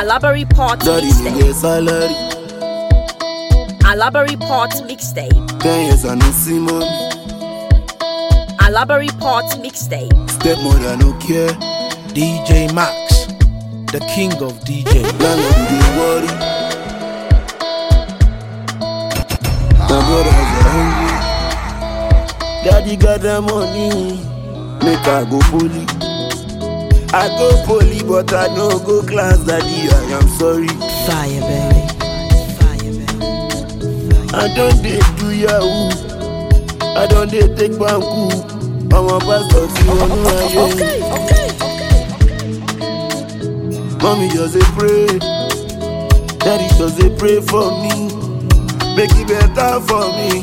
Alabary Port mixtape. salary. Alabary Port mixtape. Pesa no simami. Alabary Port mixtape. Stepmother no care. DJ Max, the king of DJ. Landlord dey worry. My Daddy got the money. Make I go fully. I go poly, but I no go class, daddy. I am sorry. Fire, baby. Fire, baby. I don't date do Yahoo. I don't date take Banku. I'm a pastor, see you on okay, okay, okay, okay. Mommy just a pray. Daddy just a pray for me. Make it better for me.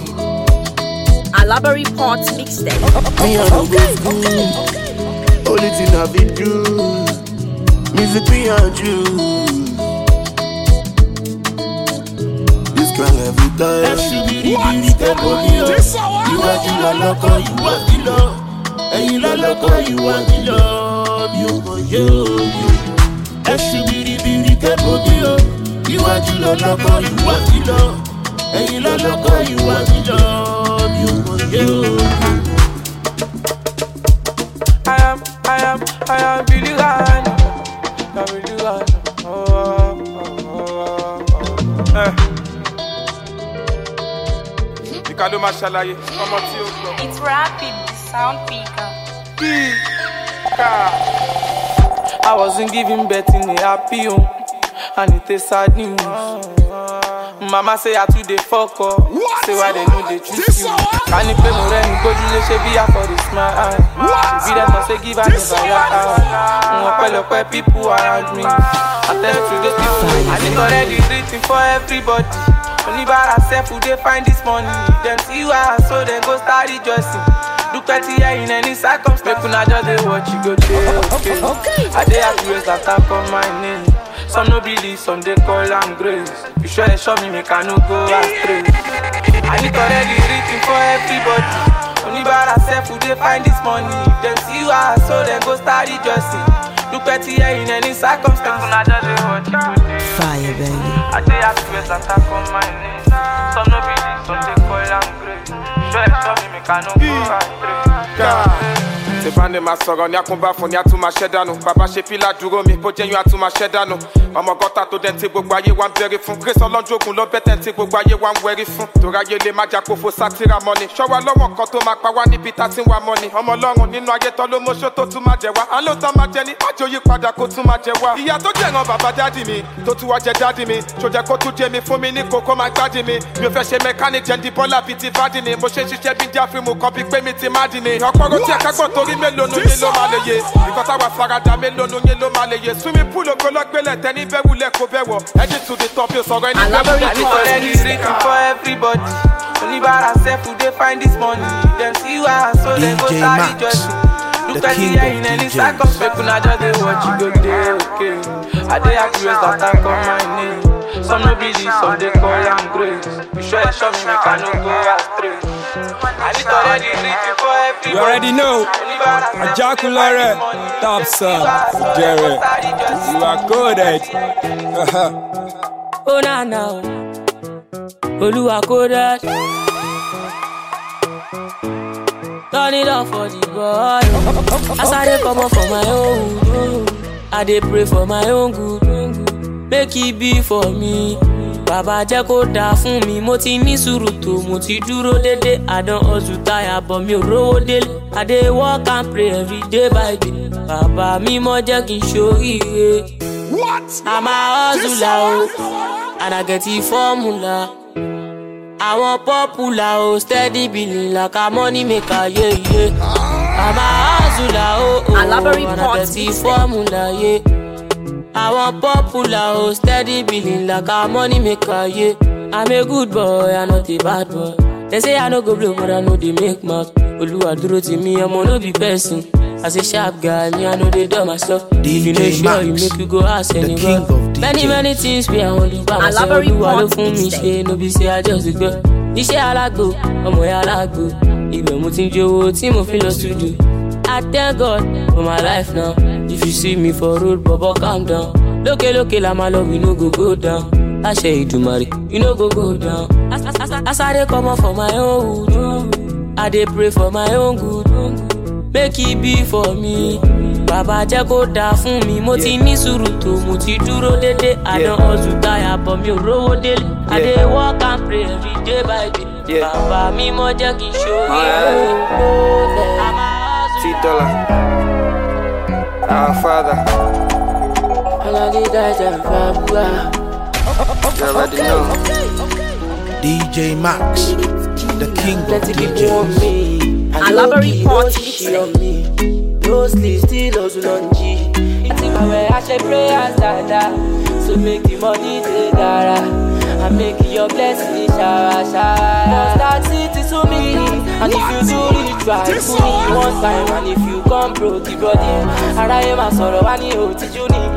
Alabari Port Mixtape. Okay, okay, okay. Only thing I've been do Music me and you This girl every time Step on you You are the loloko, you are the love you are the loloko, you are the love You go yo Ẹṣu biribiri kẹ́kọ̀ọ́ bí o Iwájú loloko, you are the love Ẹyin loloko, you are the love You go yo I am Billy Ryan. I'm Billy Ryan. Oh, oh, oh, Eh. It's rapid sound picker. I wasn't giving birth in a happy home and it is sad news. Oh. Mama say I too dey fuck up. Say why they know they choose you. Kani pe mo rẹ ní gbójú lé ṣe bí ya for the smile. Bí dẹ̀ tán ṣe give her the fire. Wọ́n pẹ̀lọpẹ̀ people around me. Attend to the people. I need already greeting for everybody. Oníbàárà sẹ́fù dey find this money. Them see why I so then go start rejoicing. Dúpẹ́ ti in any circumstance. Make not just watch you go dey okay. I dare happy waste after for my name. Some no believe, some they call i am grace. You sure show me make I no go astray. I need to already written for everybody. Only by herself who they find this money. If them see you are so then go study rejoicing. Look at here in any circumstance. Fire, baby. I tell you, I Santa call my name. Some no believe, some they call i am grace. You sure show me make I no go astray. Sebane ma sọ̀rọ̀ ní akúnbá fún ní atúmọ̀ ṣẹ́ dànù. Bàbá ṣe fílà dúró mi, bó ṣẹ́ dànù. Ọmọ gọ́tà tó dẹ̀ ń ti gbogbo ayé wa ń bẹ̀rẹ̀ fún. Grace ọlọ́njọ́gùn ló bẹ́tẹ̀ ń ti gbogbo ayé wa ń wẹ̀rí fún. lè má jà kófó sátìrà mọ́ni. Ṣọ́wa lọ́wọ́ kan tó máa pa wá níbi tá ti ń wa mọ́ni. Ọmọ nínú ayé tán mọ́ṣọ́ tó tún máa jẹ wá. À ń lò ní ọjọ́ padà kó tún jẹ wá. Ìyá tó bàbá mi, tó tún wá jẹ dádì mi. Ṣòjẹ́ kó tún jẹ mi fún mi ní kókó máa gbádì mi. Mi ò fẹ́ ṣe mẹkáníkì jẹ́ bọ́lá bíi ti fádìní. Mo ṣe ṣiṣẹ́ bíi mélòó ló yé ló máa lè yé nǹkan táwa farada mélòó ló yé ló máa lè yé súnmi púlò gbọlọgbẹlẹ tẹni bẹ̀wù lẹkọ bẹ̀wọ̀ ẹjì tún di tán bí o sọ̀rọ̀ ẹni bẹ̀wù lẹkọ. alábẹ́rẹ́ àti ọ̀rẹ́ ni written for everybody oníbàárà sẹ́fù dey find this money dem see why so dem go carry jọ́sìn dúpẹ́ sí ẹ̀yìn ẹni sákọ̀ pẹ̀kùn náà just dey watch you go dey okay i dey happy rest some no be this, some they call am grace. You sure it's shove me, can no go astray. I need already ready for everybody. You already know. Ejaculare, top sub, Jerry. You are coded. Eh? Uh-huh. oh, na na. Oh. Oluwa coded. Turn it off for the boy. As I come up for my own, I dey pray for my own good. make it be for me. Bàbá jẹ́ kó dáa fún mi, mo ti ní sùúrù tó, mo ti dúró dédé. Àdán ọ̀sùn táyà bọ̀ mi ò rówó délé. I work and pray every day by day. Bàbá mímọ́ jẹ́ kí n ṣoríire. Àmà ọ̀sùnlà o, àdàgẹ̀tì fọ́ọ̀mùlà. Àwọn pọ́pùlà o, steady billing làkà mọ́nì mẹ́kà yéye. Àmà ọ̀sùnlà o, àdàgẹ̀tì fọ́ọ̀mùlà yé. Yeah àwọn popular o steady billing like our money maker yeah. i'm a good boy I'm not a bad boy they say i no go blow but i no dey make mouth olúwa dúró ti mi ọmọ no be person as a sharp guy me i no dey dull myself if you no sure you make you go ask anyone many many things me i wan do by myself olúwa ló fún mi ṣe no be say i just dey gbọ́ iṣẹ́ alágbo ọmọ ẹ̀ alágbo ibẹ̀ mo ti ń jowó tí mo fi lọ studio i thank god for my life now. If you see me for road, Bobo, calm down. Look, look, la máa lọ, we no go go down. Àṣẹ Ìdùmarè, you no go go down. As, I Asare come up for my own good. I dey pray for my own good. Make it be for me. baba. jẹ́ kó dáa fún mi, mo ti ní sùúrù tó, mo ti dúró dédé. Àdán ọ̀sùn táyà bọ̀ mi ò rówó délé. I dey work and pray every day by day. Bàbá mímọ́ jẹ́ kí n ṣòro. Tí dọ́là. Our Father. DJ Max, the king of DJs. Alabari Port, it's on me. No sleep, still no lungy. It's in my way, I should pray and stand So make the money, dada. dara. I make your blessing, shower, shower. And what? if you do really try, pull me one time. And if you come broke, your I am a ma i wá ní you ní.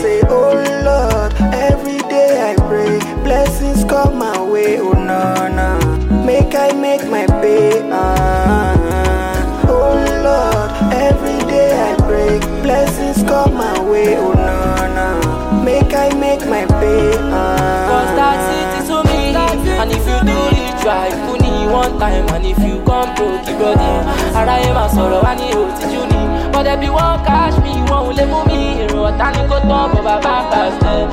say, Oh Lord, every day I pray, blessings come my way, oh no, no. Make I make my pay, uh. Oh Lord, every day I pray, blessings come my way, oh no, no. Make I make my pay, uh. Cause that's it, it's so me, and if you do it try one time And if you come through, I your name Aráyé máa sọ̀rọ̀ wá ní ihò tíjú ni Bọ́dẹ̀ ni will wọ́n cash mi, won't lè me mi What ọ̀tá ni kò talk about bàbá pass them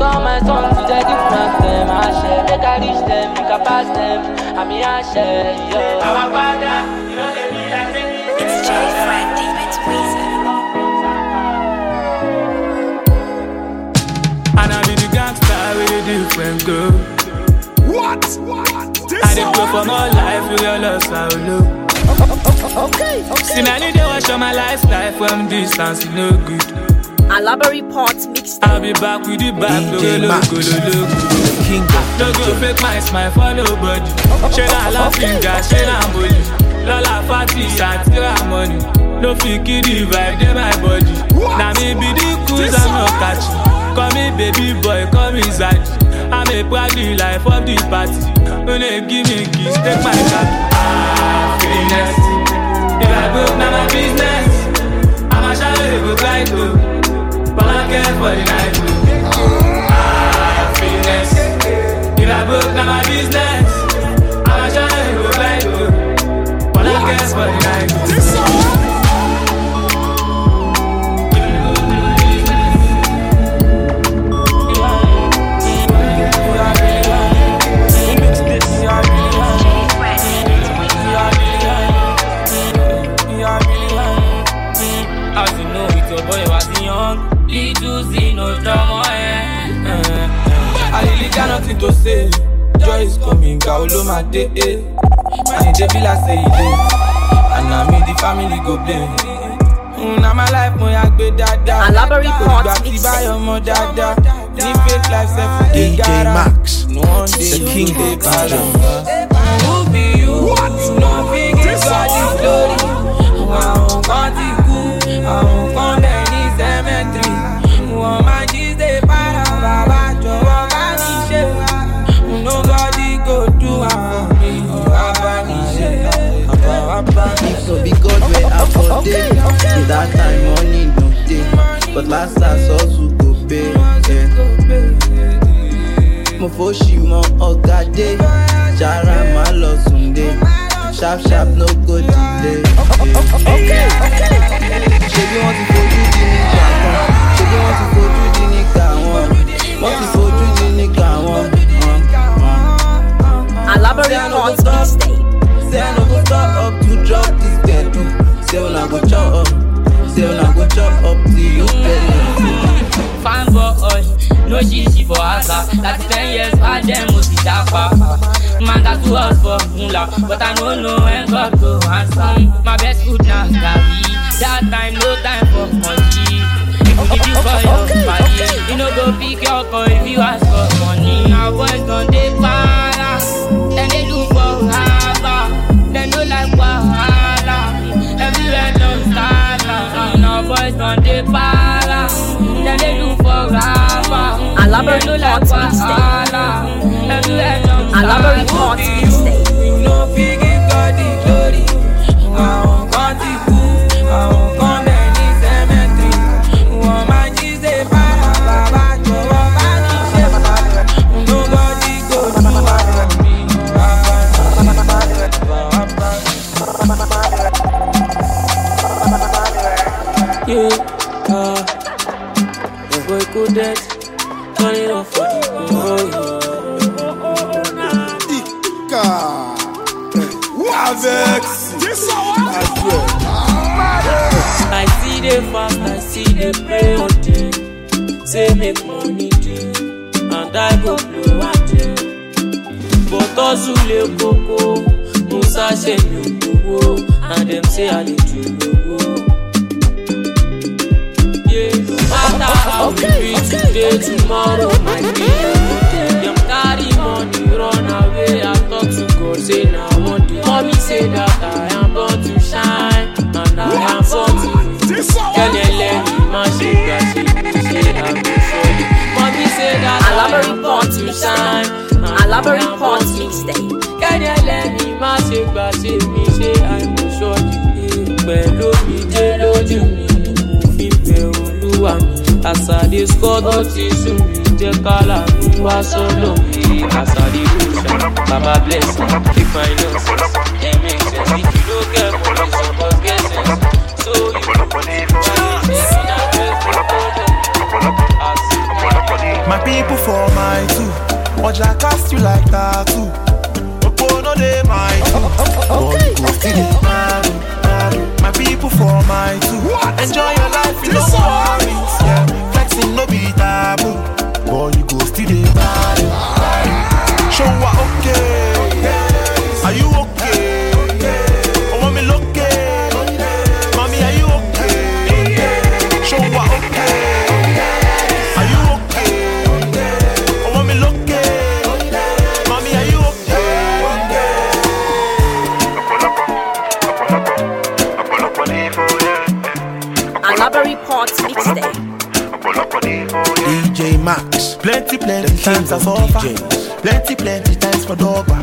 Turn my son to the different them Àṣẹ, make I reach them, make I pass them Àmì àṣẹ, yọ. Àwọn padà, ìrọ̀lẹ́ mi láti ṣe ní ìṣẹ̀lẹ̀. And I be the gangster with a different girl. What? what? I did go for my life with your love, so I look. Okay, okay. See, many they watch on my life, life from distance, no good. Alabary parts mixed. I'll be back with the back, DJ logo, Max. logo, logo. King No go fake my smile, for follow body. Shena la finger, shena body. Lola fatty, satira money. No freaky the vibe, they my body. Now me be the cruise, I'm not catching. Call me baby boy, call me side. I'm a proudly life of this party. When they give me kiss, take my Ah, Happiness. If I broke, now my business. I'm a shadow, it look like blue. But I care for the night Ah, Happiness. If I broke, now my business. debt. Turn it off for the boy. Ika. Wavex. This I see the fast, I see the pray on day. Say make money day, and I go blow day. But us who coco, Musa say you go, and them say I need to go. Yeah, matter how okay today, tomorrow might be you. am carry money run away. I talk to God, say now one day. Mommy say that I am born to shine and I am born to me ni má ṣe gbà ṣe ṣe àgbẹsọ. Mommy say that I am born to shine and I am born to kẹlẹlẹ me má ṣe gbà ṣe mi ṣe àgbẹsọ. Pẹ̀lú mi dé lójú mi, òfin bẹ̀ olúwa mi àṣàdé scott ó ti sú mi jẹ́ kálá mi wá sọ́nà mi kùsà bàbá bless keep my nonsense you no get money My people for my two, Oja cast you like that too. Opo no dey my oh, oh, oh, two, My people for my two, enjoy your life, you know nothing, no be Plenty, plenty times I suffer. Plenty, plenty times for dogma.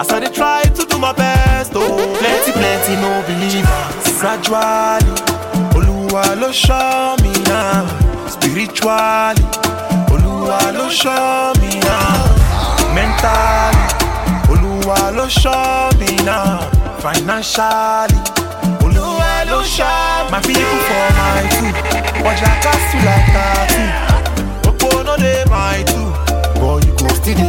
As I try to do my best, oh. Plenty, plenty no believers. Gradually, Oluwa lo show me now. Spiritually, Oluwa lo show me now. Mentally, Oluwa lo show me now. Financially. Oluwa lo ṣá. My people for my food. Wọ́n jà kásù like tattoo. no my two, but you go still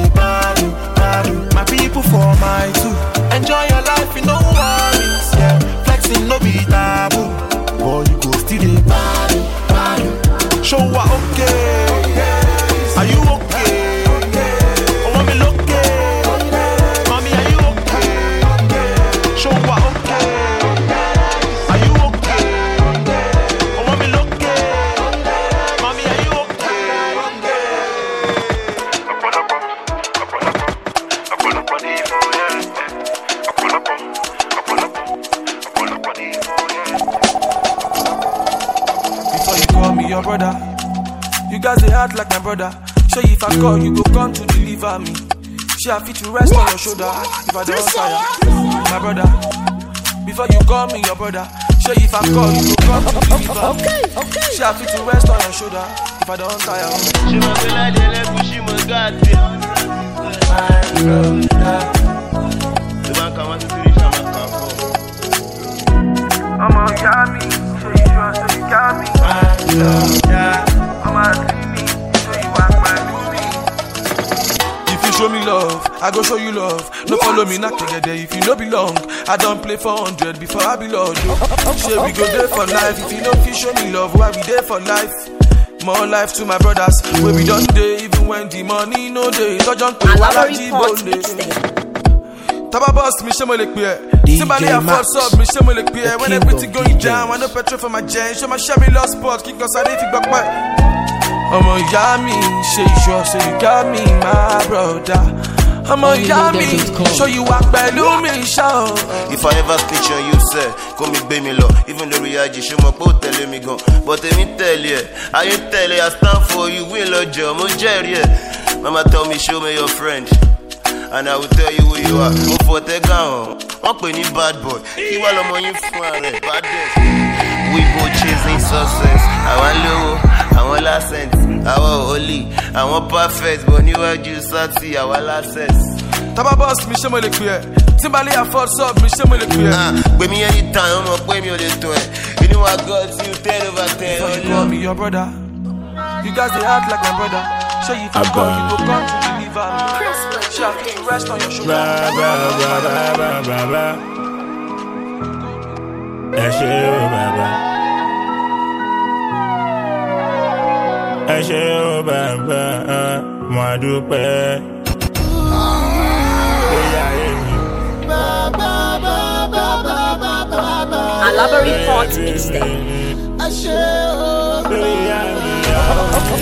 My people for my too. enjoy your life, you know worries, yeah. Flexing no be taboo, but you go still dey value, Show what okay. okay. brother. So if I call, you go come to deliver me. She have fit to rest what? on your shoulder if I don't tire. My brother, before you call me your brother. So if I call, you go come to deliver me. Okay, okay. She have fit to rest on your shoulder if I don't tire. She must be like the level she must got me. My brother, the bank I want to finish my car. I'm on Yami, so you trust, so you got me. My brother. show me love, I go show you love. No what? follow me not together if you no belong. I don't play for hundred before I be Say we go there for life. If you no fit show me love, why we there for life? More life to my brothers. we we just day, even when the money no day. So jump to Walaji day. Taba boss, me shame like beer. Somebody have four up, me me like beer. When everything going down, I no petrol for my jam. Show my shabby lost spot, kick us out if you back my. I'ma ọmọ ìyá mi ṣe ìṣọ́ ṣe ìgá mi máa broda ọmọ ìyá mi ṣó yìí wà pẹ̀lú mi ṣá o. if i ever speak on you say, call me gbé mi lọ even show, my ṣé mo me go. But let me tell you, I ẹ̀ ayé tẹ̀lé i stand for you win lọ́jọ́ mo Jerry. mama tell me show me your friend and i will tell you who you are mo for the hàn wọ́n pè ní bad boy kí want lọmọ yín fún ààrẹ bad death we go chasing success I want àwọn I want lásẹ̀ntì àwọ̀ holy àwọn perfect But you níwájú sátì àwa lásẹ̀s. tábà boss, mi ṣé mo lè pè ẹ́ tí balẹ̀ afford sub mi ṣé mo lè pè ẹ́. pè mí ẹni tàn án mọ̀ pé mi ò lè tún ẹ̀ e You know I got you ten over ten. before you call me your brother you gats dey act like my brother So you fit call you go come to deliver me. ṣé àfihàn rest on your shoulder. ẹ ṣe o bàbá. ẹ ṣé o bàbá mo dúpẹ́. report is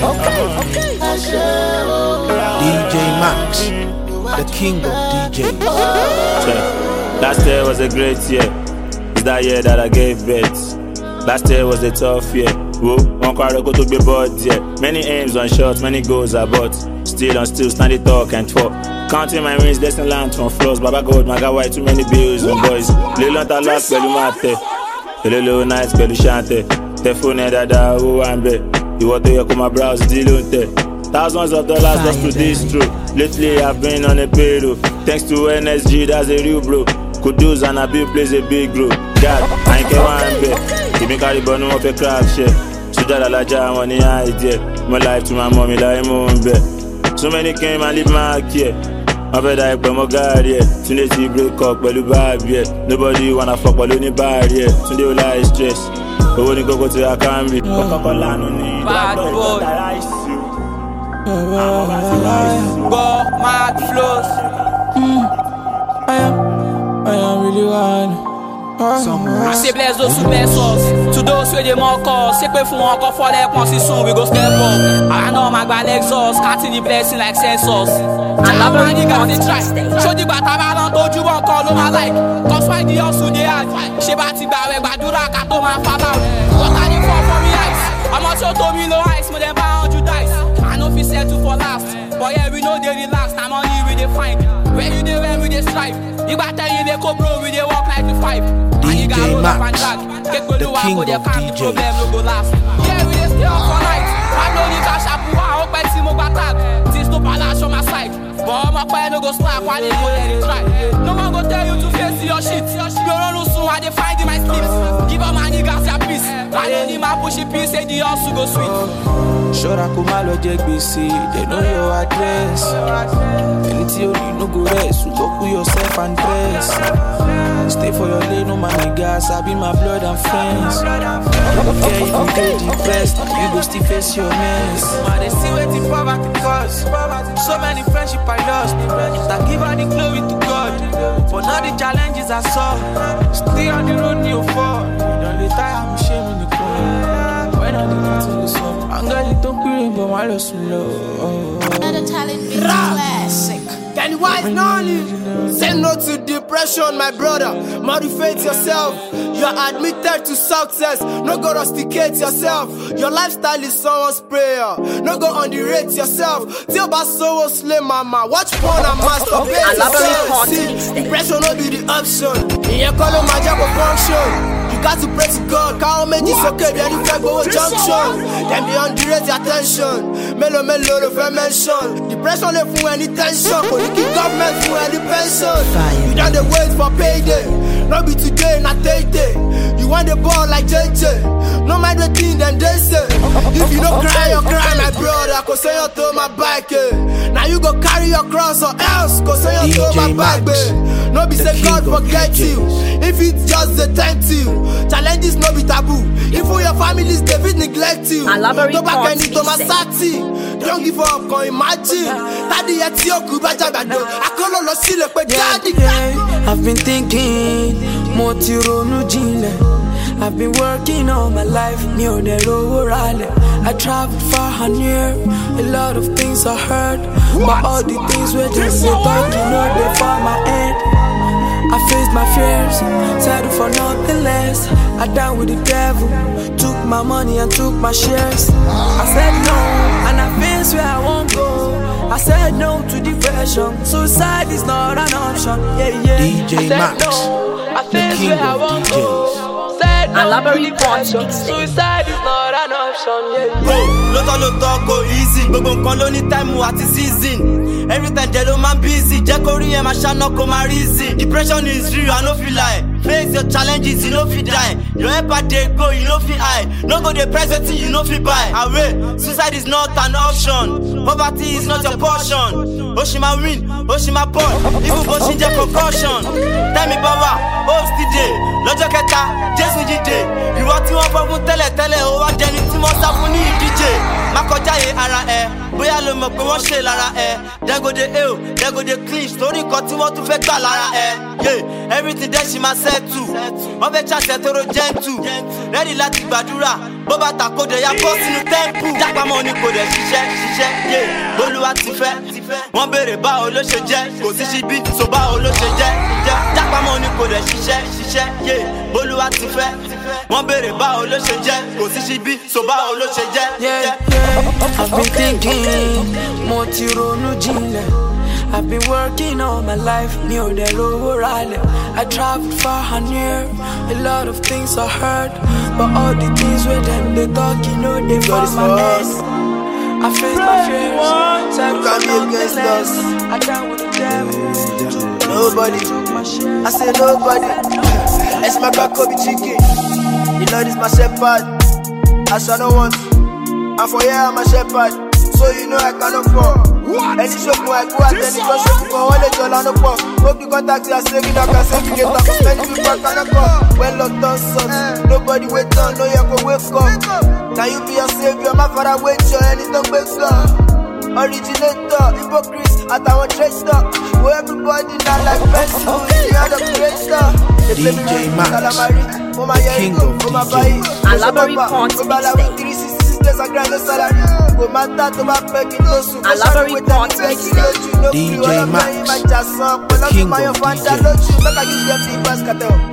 Okay, DJ Max, the king of DJs. Last year was a great year. It's that year that I gave birth. Last year was a tough year wo wọn kọ tó be bought, many aims on shots many goals are bought. still on still standing talk and fall. Counting my wins, lesson land from floors. Baba gold, my guy, too many bills on boys. Little ta lost pẹ̀lú Mate. Elelo nights pẹ̀lú Shante. Tẹ̀fóònù ẹ̀ dáadáa, owó wa ń bẹ̀. Ìwọ tó yẹ my máa deal with ló Thousands of dollars just to this true. Lately I've been on a payroll. Thanks to NSG, that's a real bro. Kudus and Abil plays a big role. God, I ain't care why I'm bẹ̀. Èmi kárí bọ́ ni wọ́n fẹ́ crack Sugar Lalaja, money idea. My life to my mommy, like moon bear. So many came and leave my here. My brother, I put my guard here. Sunday, she break up, but you vibe here. Nobody wanna fuck, but only mm. bad here. Sunday, you lie stress. But when you go, go to your cambi. Bad boy. Go, mm. mad flows. Mm. I am, I am really one. I say bless those who bless us. To those where they mock us. Say pray for one call for their pon soon we go step up. I know my bad exhaust. Counting the blessing like sensors. And I'm not nigga they try. Show the bàtà bá lọ tójú wọn kọ ló máa like. Cause why the hustle dey hard? Ṣé bá ti gbàwẹ̀ gbàdúrà ká tó máa fa báwẹ̀? What are you for for me eyes? Ọmọ tí ó tó mi lo eyes mo dẹ̀ bá hundred dice. I no fit settle for last. But yeah we no dey relax. Na money we dey find. Where you dey this life. You better you they come bro, we they walk like the five. DJ and Max, and Get the king of DJs. Problem, no go last. Yeah, we they stay up for night. I know you dash up, I hope I see more battle. This no palace on my side. But all my fire no go slack, why they go let it try? No one go tell you to see your shit. You run soon, I dey find in my sleeps. Give up my niggas your peace. I don't need my pushy peace, say the hustle go sweet. Ṣọ́ra kó má lọ jẹ́ they know your address. Ẹni tí no go rest, go cool yourself and dress. Stay for your lane, no my niggas, I be my blood and friends. Okay, if you dey depressed, you go still face your mess. I dey see wetin poverty cause. So many friendship I lost. I give all the glory to God for now the challenge. I saw. Stay on the road, you fall. You do I'm shaming the call. When I did to the song, I'm gonna don't be but I lost me love. Another talent classic. Can you wise knowledge? send no to depression, my brother. Motivate yourself. You're admitted to success. No go rusticate yourself. Your lifestyle is someone's prayer. No go underrate yourself. Till about so slay mama. Watch porn and masturbate yourself. See, depression no be the option. In your color, my job function. You got to pray to God, can't make this okay, then you can go a junction. Then they underrate your attention. Melo melo lo fẹ́ mention. Depression le fún ẹni tension. Kò ní kí government fún ẹni pension. Now they wait for payday. Not be today, not take day. You want the ball like JJ. No mind the thing, then they say. If you don't cry, you cry, my brother. Cause say you to my bike. Eh. Now you go carry your cross or else. Cause say you to my bike, babe. No be say God forget you. If it's just the time to challenges, no be taboo. If your families, they fit neglect you. No back any to my sati. Don't give up, can imagine. Daddy at your kubajabado. I call on Losile, but daddy. I've been thinking, mo ti ronú jinlẹ̀. I've been working all my life, mi ò dẹ̀ rówó ralẹ̀. I traveled far and near, a lot of things I heard. But all the things were just thought. you know, they found my end. I faced my fears, settled for nothing less. I died with the devil, took my money and took my shares. I said no, and I face where I won't go. I said no to depression, suicide is not an option. Yeah, yeah. DJ I said Max, no, I face where I won't DJs. go suicide. No and Library Punch Suicide is not an option. Yeah. Bro, lótọ́ ló tọ́ kò easy. Gbogbo nǹkan ló ní táìmù àti season. Every time jẹ́ ló máa ń busy. Jẹ́ kó rí ẹ̀ máa ṣáná kó máa reason. Depression is real, I no fit lie. Face your challenges, you no fit die. Your empire dey go, you no fit hide. No go dey price wetin you no fit buy. Away, suicide is not an option. Poverty is not your portion. Oh she my win oh she my ball even bó ṣì ń jẹ concussion tẹ́mi baba. host dìde lọ́jọ́ kẹta jésù jíde ìwọ tí wọ́n fọ́ fún tẹ́lẹ̀tẹ́lẹ̀ ó wá jẹni tí wọ́n sá fún ní ìdíje má ara ẹ bóyá ló mọ̀ pé wọ́n ṣe lára ẹ dẹ́gòdè ale dẹ́gòdè clinch lórí nǹkan tí wọ́n tún fẹ́ gbà lára ẹ everything dẹ́ ṣì máa ṣẹ́tù wọ́n fẹ́ ṣàṣẹ tóró jẹ́ǹtù rẹ́dí láti gbàdúrà bó bá ta kó ya bọ́ sínú tẹ́ǹpù jápamọ́ ni kò dẹ̀ ṣiṣẹ́ ṣiṣẹ́ olúwa ti fẹ́ wọ́n béèrè báwo ló ṣe jẹ́ kò sí ṣíbí so báwo ló ṣe jẹ́ jápamọ́ ni kò dẹ̀ ṣiṣẹ́ ṣiṣẹ́ olúwa ti fẹ́ wọ́n béèrè báwo ló ṣe jẹ́ kò sí ṣíbí so báwo ló ṣe jẹ́. I've been thinking, mo ti ronú jinlẹ̀. I've been working all my life, near the dẹ̀ rówó ralẹ̀. I traveled far and near, a lot of things I heard. But all the things wey dem dey talk, you know they fall my neck. I face my fears, time come against us. I down with the devil. Nobody, my I say nobody. It's my cock, chicken. The Lord is my shepherd. I saw no one and for here I'm a shepherd, so you know I cannot fall. Any show where I go at, any shop shop for all the dollar no pop. Hope you contact you, I say it, I can say me get up. spend it, I cannot call. When lockdown sucks, eh. nobody wait on, no you go wake up. Now you be a savior, my father wait your anything wakes up. Originator, hypocrite, at our trade store. Where everybody not like Messi, okay, we are the great star. They play me king of DJs. I love a report, place I grind no salary. Go matter to my making no I love every part makes sense. DJ Max, King of DJ. Make I use them deep as cattle.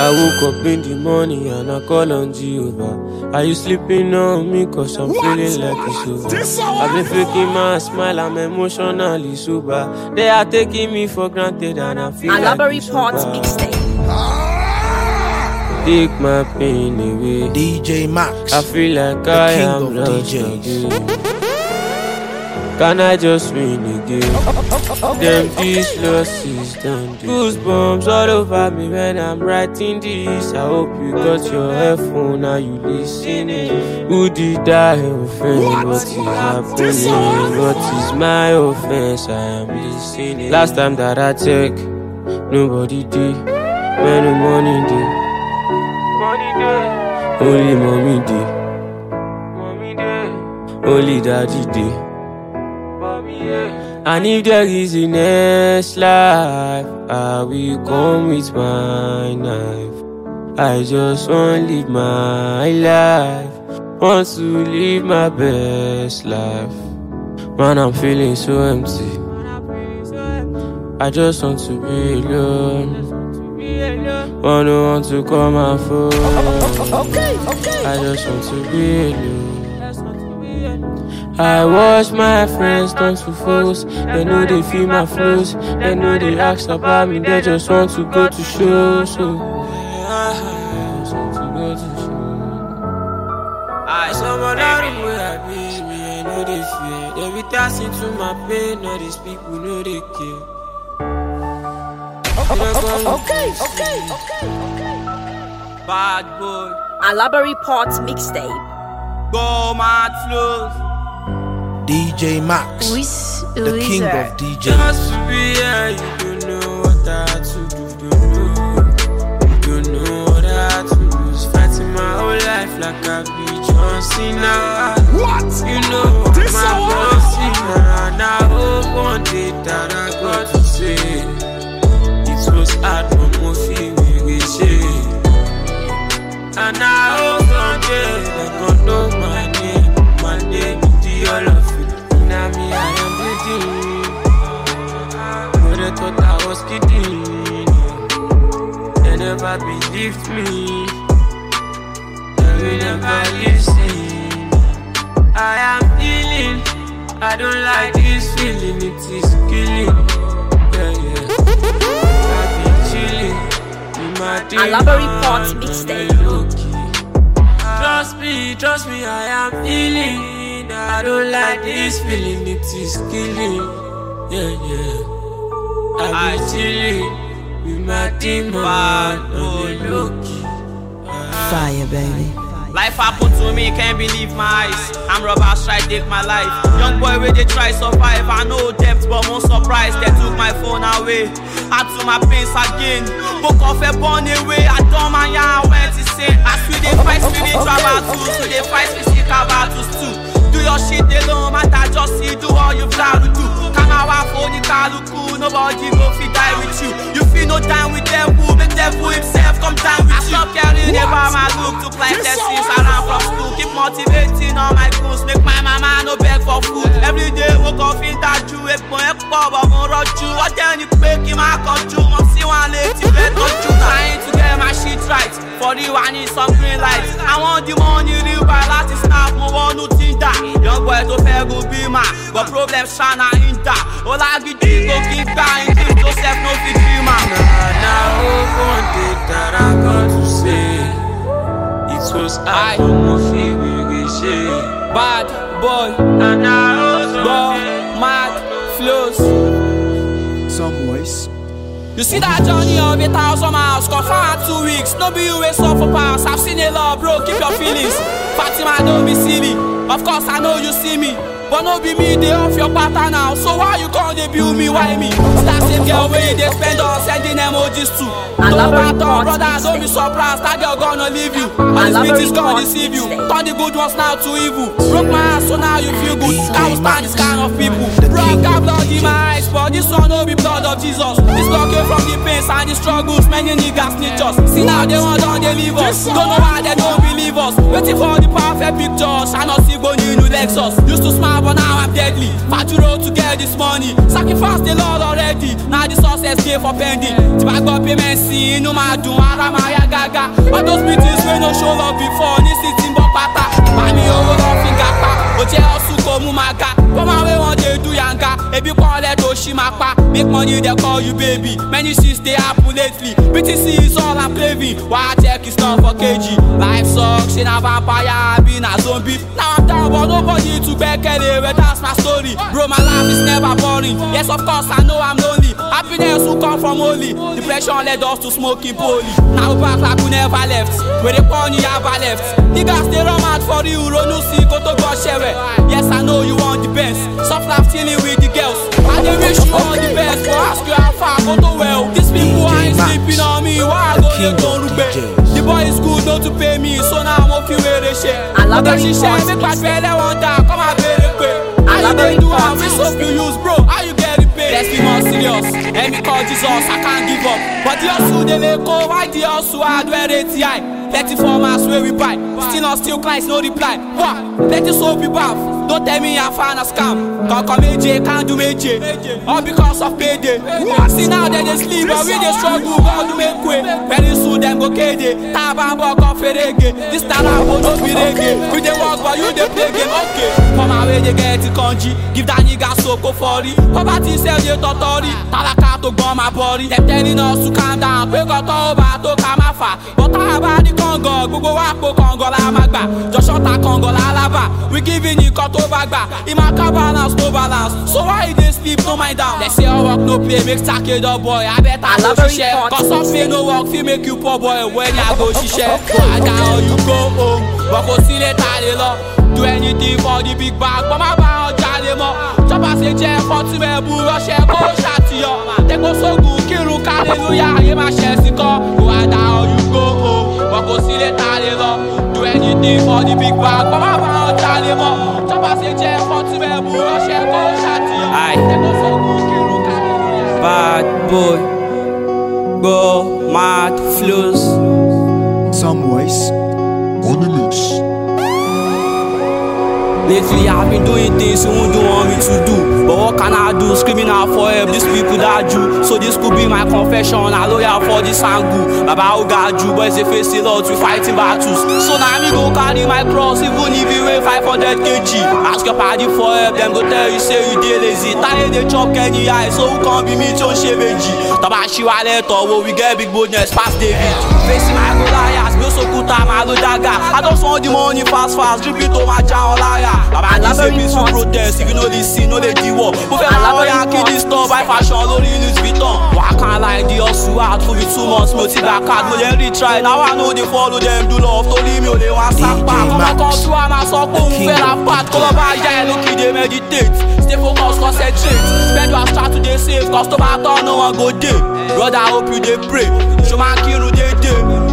I woke up in the morning and I call on Jehovah. Are you sleeping on me? Cause I'm what? feeling like a over. I've been faking my smile, I'm emotionally sober. They are taking me for granted and I feel A like it's over. Take my pain away. DJ Max. I feel like I am DJ. Can I just win again? Them these losses done. Goosebumps all over me when I'm writing this. I hope you got your headphone now you listening. Who did I offend? What, is happening? What is my offense? I am listening. Last time that I check, nobody did. When the morning did. Money day. Only mommy did. Mommy day. Only daddy did. And if there is a next life, I will come with my knife. I just want to live my life, want to live my best life. Man, I'm feeling so empty. I just want to be alone. One no want to call my phone. Okay, okay. I just want to be alone. I watch my friends turn to fools. They know they feel my flaws. They know they act ask about me. They just want to go to show. So I just to go to show. I someone out of where I be. Me, I know they fear. They be dancing to my pain. All these people know they care. Okay, okay, okay, okay. Bad boy. A Potts mixtape. Go, my flows. DJ Max, who is, who the king of DJs. what like I be John Cena. What? You know, this my John Cena. And I hope one day that I got to say it was hard, And I hope one day I got no skin. They never believed me. They will never I am healing. I don't like this feeling. It is killing. Yeah, yeah. I be chilling. mixtape. Trust me, trust me, I am healing. I don't like this feeling, it is killing. Yeah, yeah. Actually, with my demon. Look. Fire, baby. Life happened to me, can't believe my eyes. I'm rubber strike, take my life. Young boy where they try survive. I know depth, but more surprise. They took my phone away. I took my pants again. Book off a bunny way. I told my yard, I went to sin. I swear they fight spiritual battles, so they fight physical battles too. Do your shit alone, might I just see do all you fly to do. Come out of for you cool, nobody go fit die with you. You feel no time with them, who the devil himself come down with I you. I stop caring about my look, to play lessons around from school. Keep motivating all my goals, make my mama no beg for food. Every day, woke up in that you, a point, pop, I'm on road you. What then you make him, I come to, I'm see one lady, bed on you. Trying to wear my shit right. For you, I need some green lights. I want the money real by last snap. Mo want no that Young boy to fair go be my. But problem shana in that. All I get is go keep buying. Keep yourself no fit be my. Nah, nah, oh, one that I got to say. It was I who feel we with Bad boy, and I also boy, mad flows. You see that journey of a thousand miles, confined two weeks. No be you waste up for pass. I've seen a lot, bro. Keep your feelings. Fatima, don't be silly. Of course, I know you see me. But no be me, they off your pattern now. So why you can't they build me? Why me? Start same girl way they spend on sending emojis to. Don't pattern, brothers, don't be surprised. That girl gonna leave you. All the sweet is gonna deceive you. Turn the good ones now to evil. Broke my ass, so now you feel good. Can't stand this kind of people. Broke out blood in my eyes, but this one no be blood of Jesus. This blood came from the pains and the struggles. Many niggas need us. See now they want don't they leave us. Don't know why they don't believe us. Waiting for the perfect pictures. I not see going in Lexus. Used to smile now but now I'm deadly Fatu road to get this money Sacrifice the Lord already Now the success came for pending Tí bá gbọ́ payment sí inú máa dùn ara máa yá gágá All those meetings we no show love before This is bọ́ pátá Bá over owó finger. fi gàpá Ó jẹ́ go move my car. Come on, we want to do yanga. Baby, call let Oshima pa. Make money, they call you baby. Many shits they happen lately. BTC is all I'm craving. Why I check it's not for KG? Life sucks, in a vampire, I been a zombie. Now I'm down, but nobody to back anyway. That's my story. Bro, my life is never boring. Yes, of course, I know I'm lonely. Happiness will come from only. Depression led us to smoking poly. Now back like we never left. Where they call you, I've left. Niggas, they run mad for you. Ronu see, go to God, Yes, I know know you want the best. Soft life chilling with the girls. I dey wish you all the best, but ask you how far go to well. These people ain't sleeping on me, why I go to don rube? The boy is good, not to pay me, so now I'm off you where they share. Ọ̀gá ṣiṣẹ́ mi pàṣẹ ẹlẹ́wọ̀n ta, kọ́ máa béèrè pé. How you dey do am? Which soap you use, bro? How you get it paid? Let's be more serious. Let me call Jesus, I can't give up. But the hustle dey make oh, why the hustle hard where they Let plenty formats wey we buy still on still clients no reply wa plenty soap we baff Don't tell me I'm far na scam kankan meje can't do meje all because of payday What? see now dem they sleep but we they struggle god make way very soon them, go KD. taaba n bọ kan ferege this time I bo no be rege we they walk, but you they play game okay former wey they get kanji give dat nigga soap go fori poverty sef dey tọtọri talaka to gbọn ma bọri dem telling us to calm down We got ó bá to ká má but tá a bá kàngọ̀ gbogbo wa po kàngọ̀ la máa gbà jọ̀ṣọ́ ta kàngọ̀ la lábà we give you nǹkan tó bá gbà ìmọ̀ ká balance no balance so why you dey sleep no mind down. dem say no play make sack a boy abẹ́ta ló ṣiṣẹ́ cause some no work fit make you poor boy when ya go ṣiṣẹ́. àga ọ̀yù go home but kò sí ta lè lọ do anything for the big bag but má bá ọjà lè mọ jọba ṣe jẹ ẹ̀fọ́ tí mo ẹ̀bù kó ṣàtìyọ tẹ́kọ̀ sógun kírun kálẹ́lúyà ayé má ṣẹ̀ sí kọ́ kò àdá ọ̀yù go Fuck us see the Taliban Do anything for the big bag But my man Taliban Chop us a jail for to me Boo rush and go shatty Aye Bad boy Go mad flows Some voice On the mix Lately I've been doing things you won't want me to do But what can I do? Screaming out for help, these people that Jew So this could be my confession, I lawyer for this angle Baba who got you, Boys, they face a lot, we fighting battles So now me go carry my cross, even if you weigh 500 kg Ask your party for help, them go tell you say you dey lazy Tired they chop any eyes, so who can be me to Shemeji Tabashi wa lẹ́tọ̀ we get big boldness pass David Facing my water, man, I go I just want the money fast, fast. Drip it to my jaw, liar. Baba, this is peaceful protest. If you know this scene, know the D-war. But if I ya kí this tán by fashion lórí Louis Vuitton. Wà á kan láì di ọ̀sùn wà tó fi two months mi ò ti gbà card mo lè retry. Now I know they follow them do love torí mi ò lè wá sápá. Kọ́kọ́ tí wàá máa sọ pé òun fẹ́ ra pad kó lọ́ bá yá ẹ lókìdé meditate. Stay focused, concentrate. Spend your start to dey save cause tó bá tọ́ no one go dey. Brother I hope you dey pray. Ṣo máa kírun dé?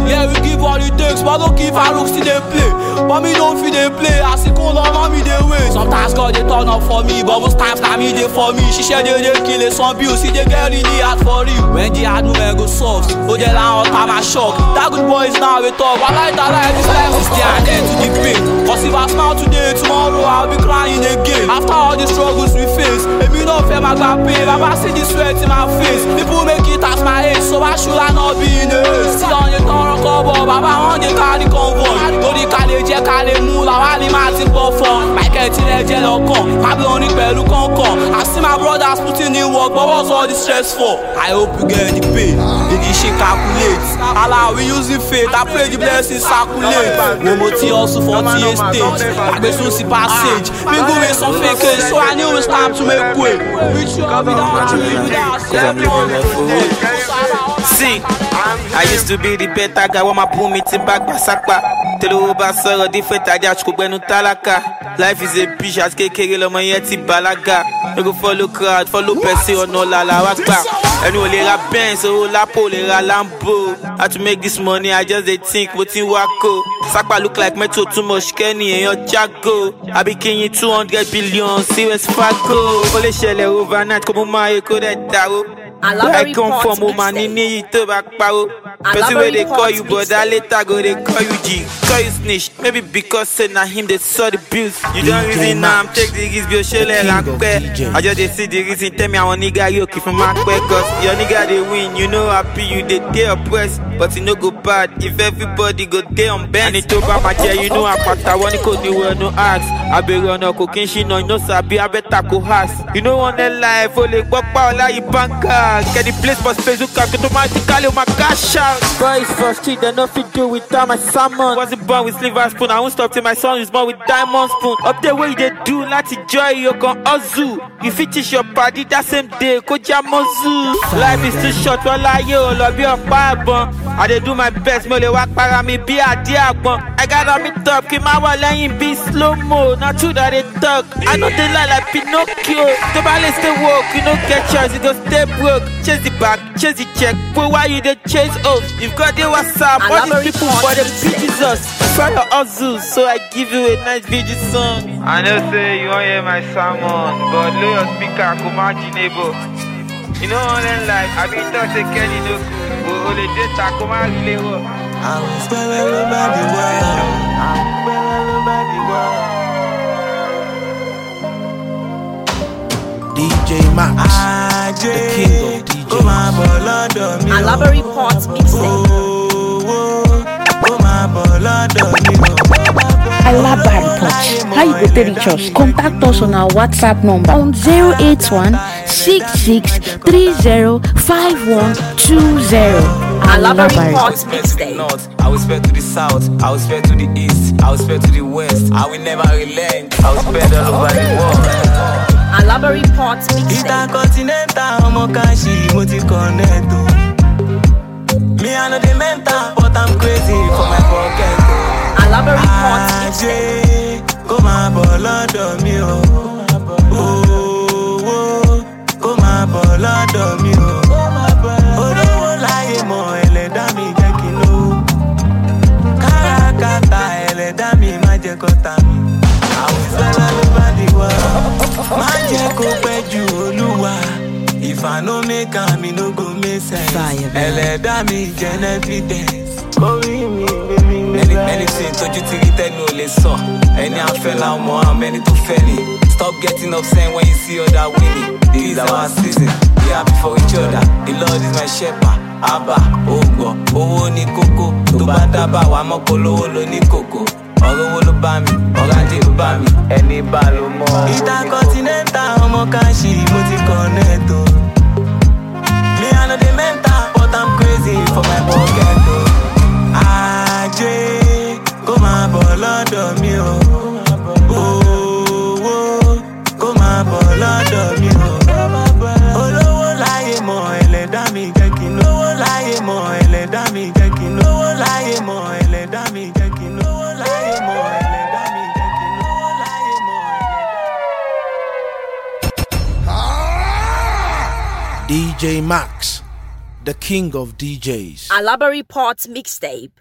Yeah, we give all it takes, but don't give our looks to they play. But me don't feel they play, I see cold on me they way. Sometimes God they turn up for me, but most times time me they for me. She share they, they kill it, some bills, see they get really hard for you. When the hard women go soft, oh they lie on time I shock. That good boy is now we talk, I like that life, this life is there, then to the pain. Cause if I smile today, tomorrow tomorrow I'll be crying again After all the struggles we face Èmi náà fẹ́ máa gba pé bàbá see the sweat in my face People make it as my age so why should I not be in a haze? Tí wọ́n lè tọrọ kọ́bọ̀ bàbá wọn lè carry convoy Lórí ká lè jẹ́ ká lè mú làwa ni máa ti bọ̀ fọ́ Michael ti lẹ jẹ́ lọ́kàn Pablo orin pẹ̀lú kọ̀ọ̀kan I see my brothers putting in work but what's all the stress for? I hope you get the pay Èyí ṣe calculate Allah we use the faith I pray the blessings circulate Mo mo ti hustle for ti estate Àgbésùn sí bá passage Me go wey son fake So I knew it's time to make way With you See, I used to be the better guy When my boom meeting back by sakpa tẹ́lẹ̀wó bá sọ̀rọ̀ different ajá kò gbẹnu tálákà life is a bitch àti kékeré lọmọ yẹn ti bàlágà no go follow crowd follow person ọ̀nà làlà wá gbà ẹnu ò lè ra benz owó lápò ò lè ra lambo how to make this money i just dey think mo in ń wá look like metro too much kẹ́ni èèyàn jago àbí kíyìn two hundred billion sí west fargo ó lè ṣẹlẹ̀ overnight kó mo máa yẹ kó dẹ̀ dàrú. I come from mo máa ní níyì tó bá parọ́. Person wey dey call you brother later go dey call you G, call you snitch. Maybe because say na him dey saw the bills. You don reason now, I'm take the risk, bí o ṣe lè ránpẹ́. I just dey see the reason, tell me àwọn nigga yóò kì í fún máa pẹ́. Cause your nigga dey win, you no happy, you dey dey oppressed. But e no go bad if everybody go dey on bend. Ẹni tó bá máa jẹ inú àpáta, wọ́n ní kò ní wọ ẹnu ask. Àbẹ̀rẹ̀ ọ̀nà kò kí n ṣìnà, I sàbí abẹ́ta kò has. You no wan life, o lè gbọ́ pa you. yìí bánkà. you. place for space, ó kà kí tó máa ti kálẹ̀, ó máa káṣá out. Boy, it's frustrated, no fit do without my salmon. Wasn't born with silver spoon, I won't stop till my son is born with diamond spoon. Up there where they do, lati joy, you can ozu. You fit teach your party that same day, koja mozu. Life is too short, well I yo, love your parbon. I dey do my best, mo le wa para mi bi adi agbon. I gotta meet up, ki ma wa lẹ́yìn bi slow mo. Na true that they talk, I know they lie like Pinocchio. To balance the work, you no get choice, you go stay broke. Chase the bag, chase the check, but why you dey chase oh? know if God did WhatsApp, all these people for them bitches us. Try your hustle, so I give you a nice bitchy song. I know say you won't hear my sermon, but low your speaker, Kumaji neighbor. You know all in life, I've been taught to Kenny Doku, but only data, Kumaji neighbor. I'm spelling nobody well. I'm spelling nobody well. DJ Max, the king of ó máa oh. pot, lọ́dọ̀ mi o. Alabari Port Ife. How you go to reach us? Contact us on our WhatsApp number on 081 Alaba Report Mixtape. I was fed to the south, I was fed to the east, I was fed to the west. I will never relent, I was fed all over the world. Alabari Port Mix. Intercontinental, ọmọ kan ṣì mo ti connect o. Me I no dey mental but I'm crazy for my pocket o. Alabari Port Mix. Àjẹ́ kó máa bọ̀ lọ́dọ̀ mi o. Owó kó máa bọ̀ lọ́dọ̀ mi. Má jẹ́ kó pẹ́ ju olúwa. If I no make am, e no go make sense. Ẹlẹ́dá mi jẹ́ evidence. Orí mi lè mi lè rẹ̀. Ẹni ṣe ìtọ́jú ti rí tẹ́nu ò lè sọ. Ẹni àfẹ́ la mọ àmọ́ ẹni tó fẹ́ ni. Stop getting upset when you see other winning. This is our season. We happy for each other. The Lord is my shepherd. Abba, ògbọ̀, owó ní kókó. Tó bá dábàá wa mọ́kò lówó lo ní kòkó. ọ̀rọ̀ ló bá mi ọ̀rọ̀ ló bá mi ẹni bá ló mọ̀. ìta kọ́ńtínẹ́ńtà ọmọ káṣí mo ti connect o. me i de dey mental but i'm crazy for my pocket o. ajé kó máa bọ̀ lọ́dọ̀ mi o. owó kó máa bọ̀ olówó láyé mọ̀ ẹlẹ́dá mi jẹ́ kí n lówó láyé mọ̀ ẹlẹ́dá mi jẹ́ kí n lówó láyé mọ̀ J Max, the king of DJs. Alabari Port Mixtape.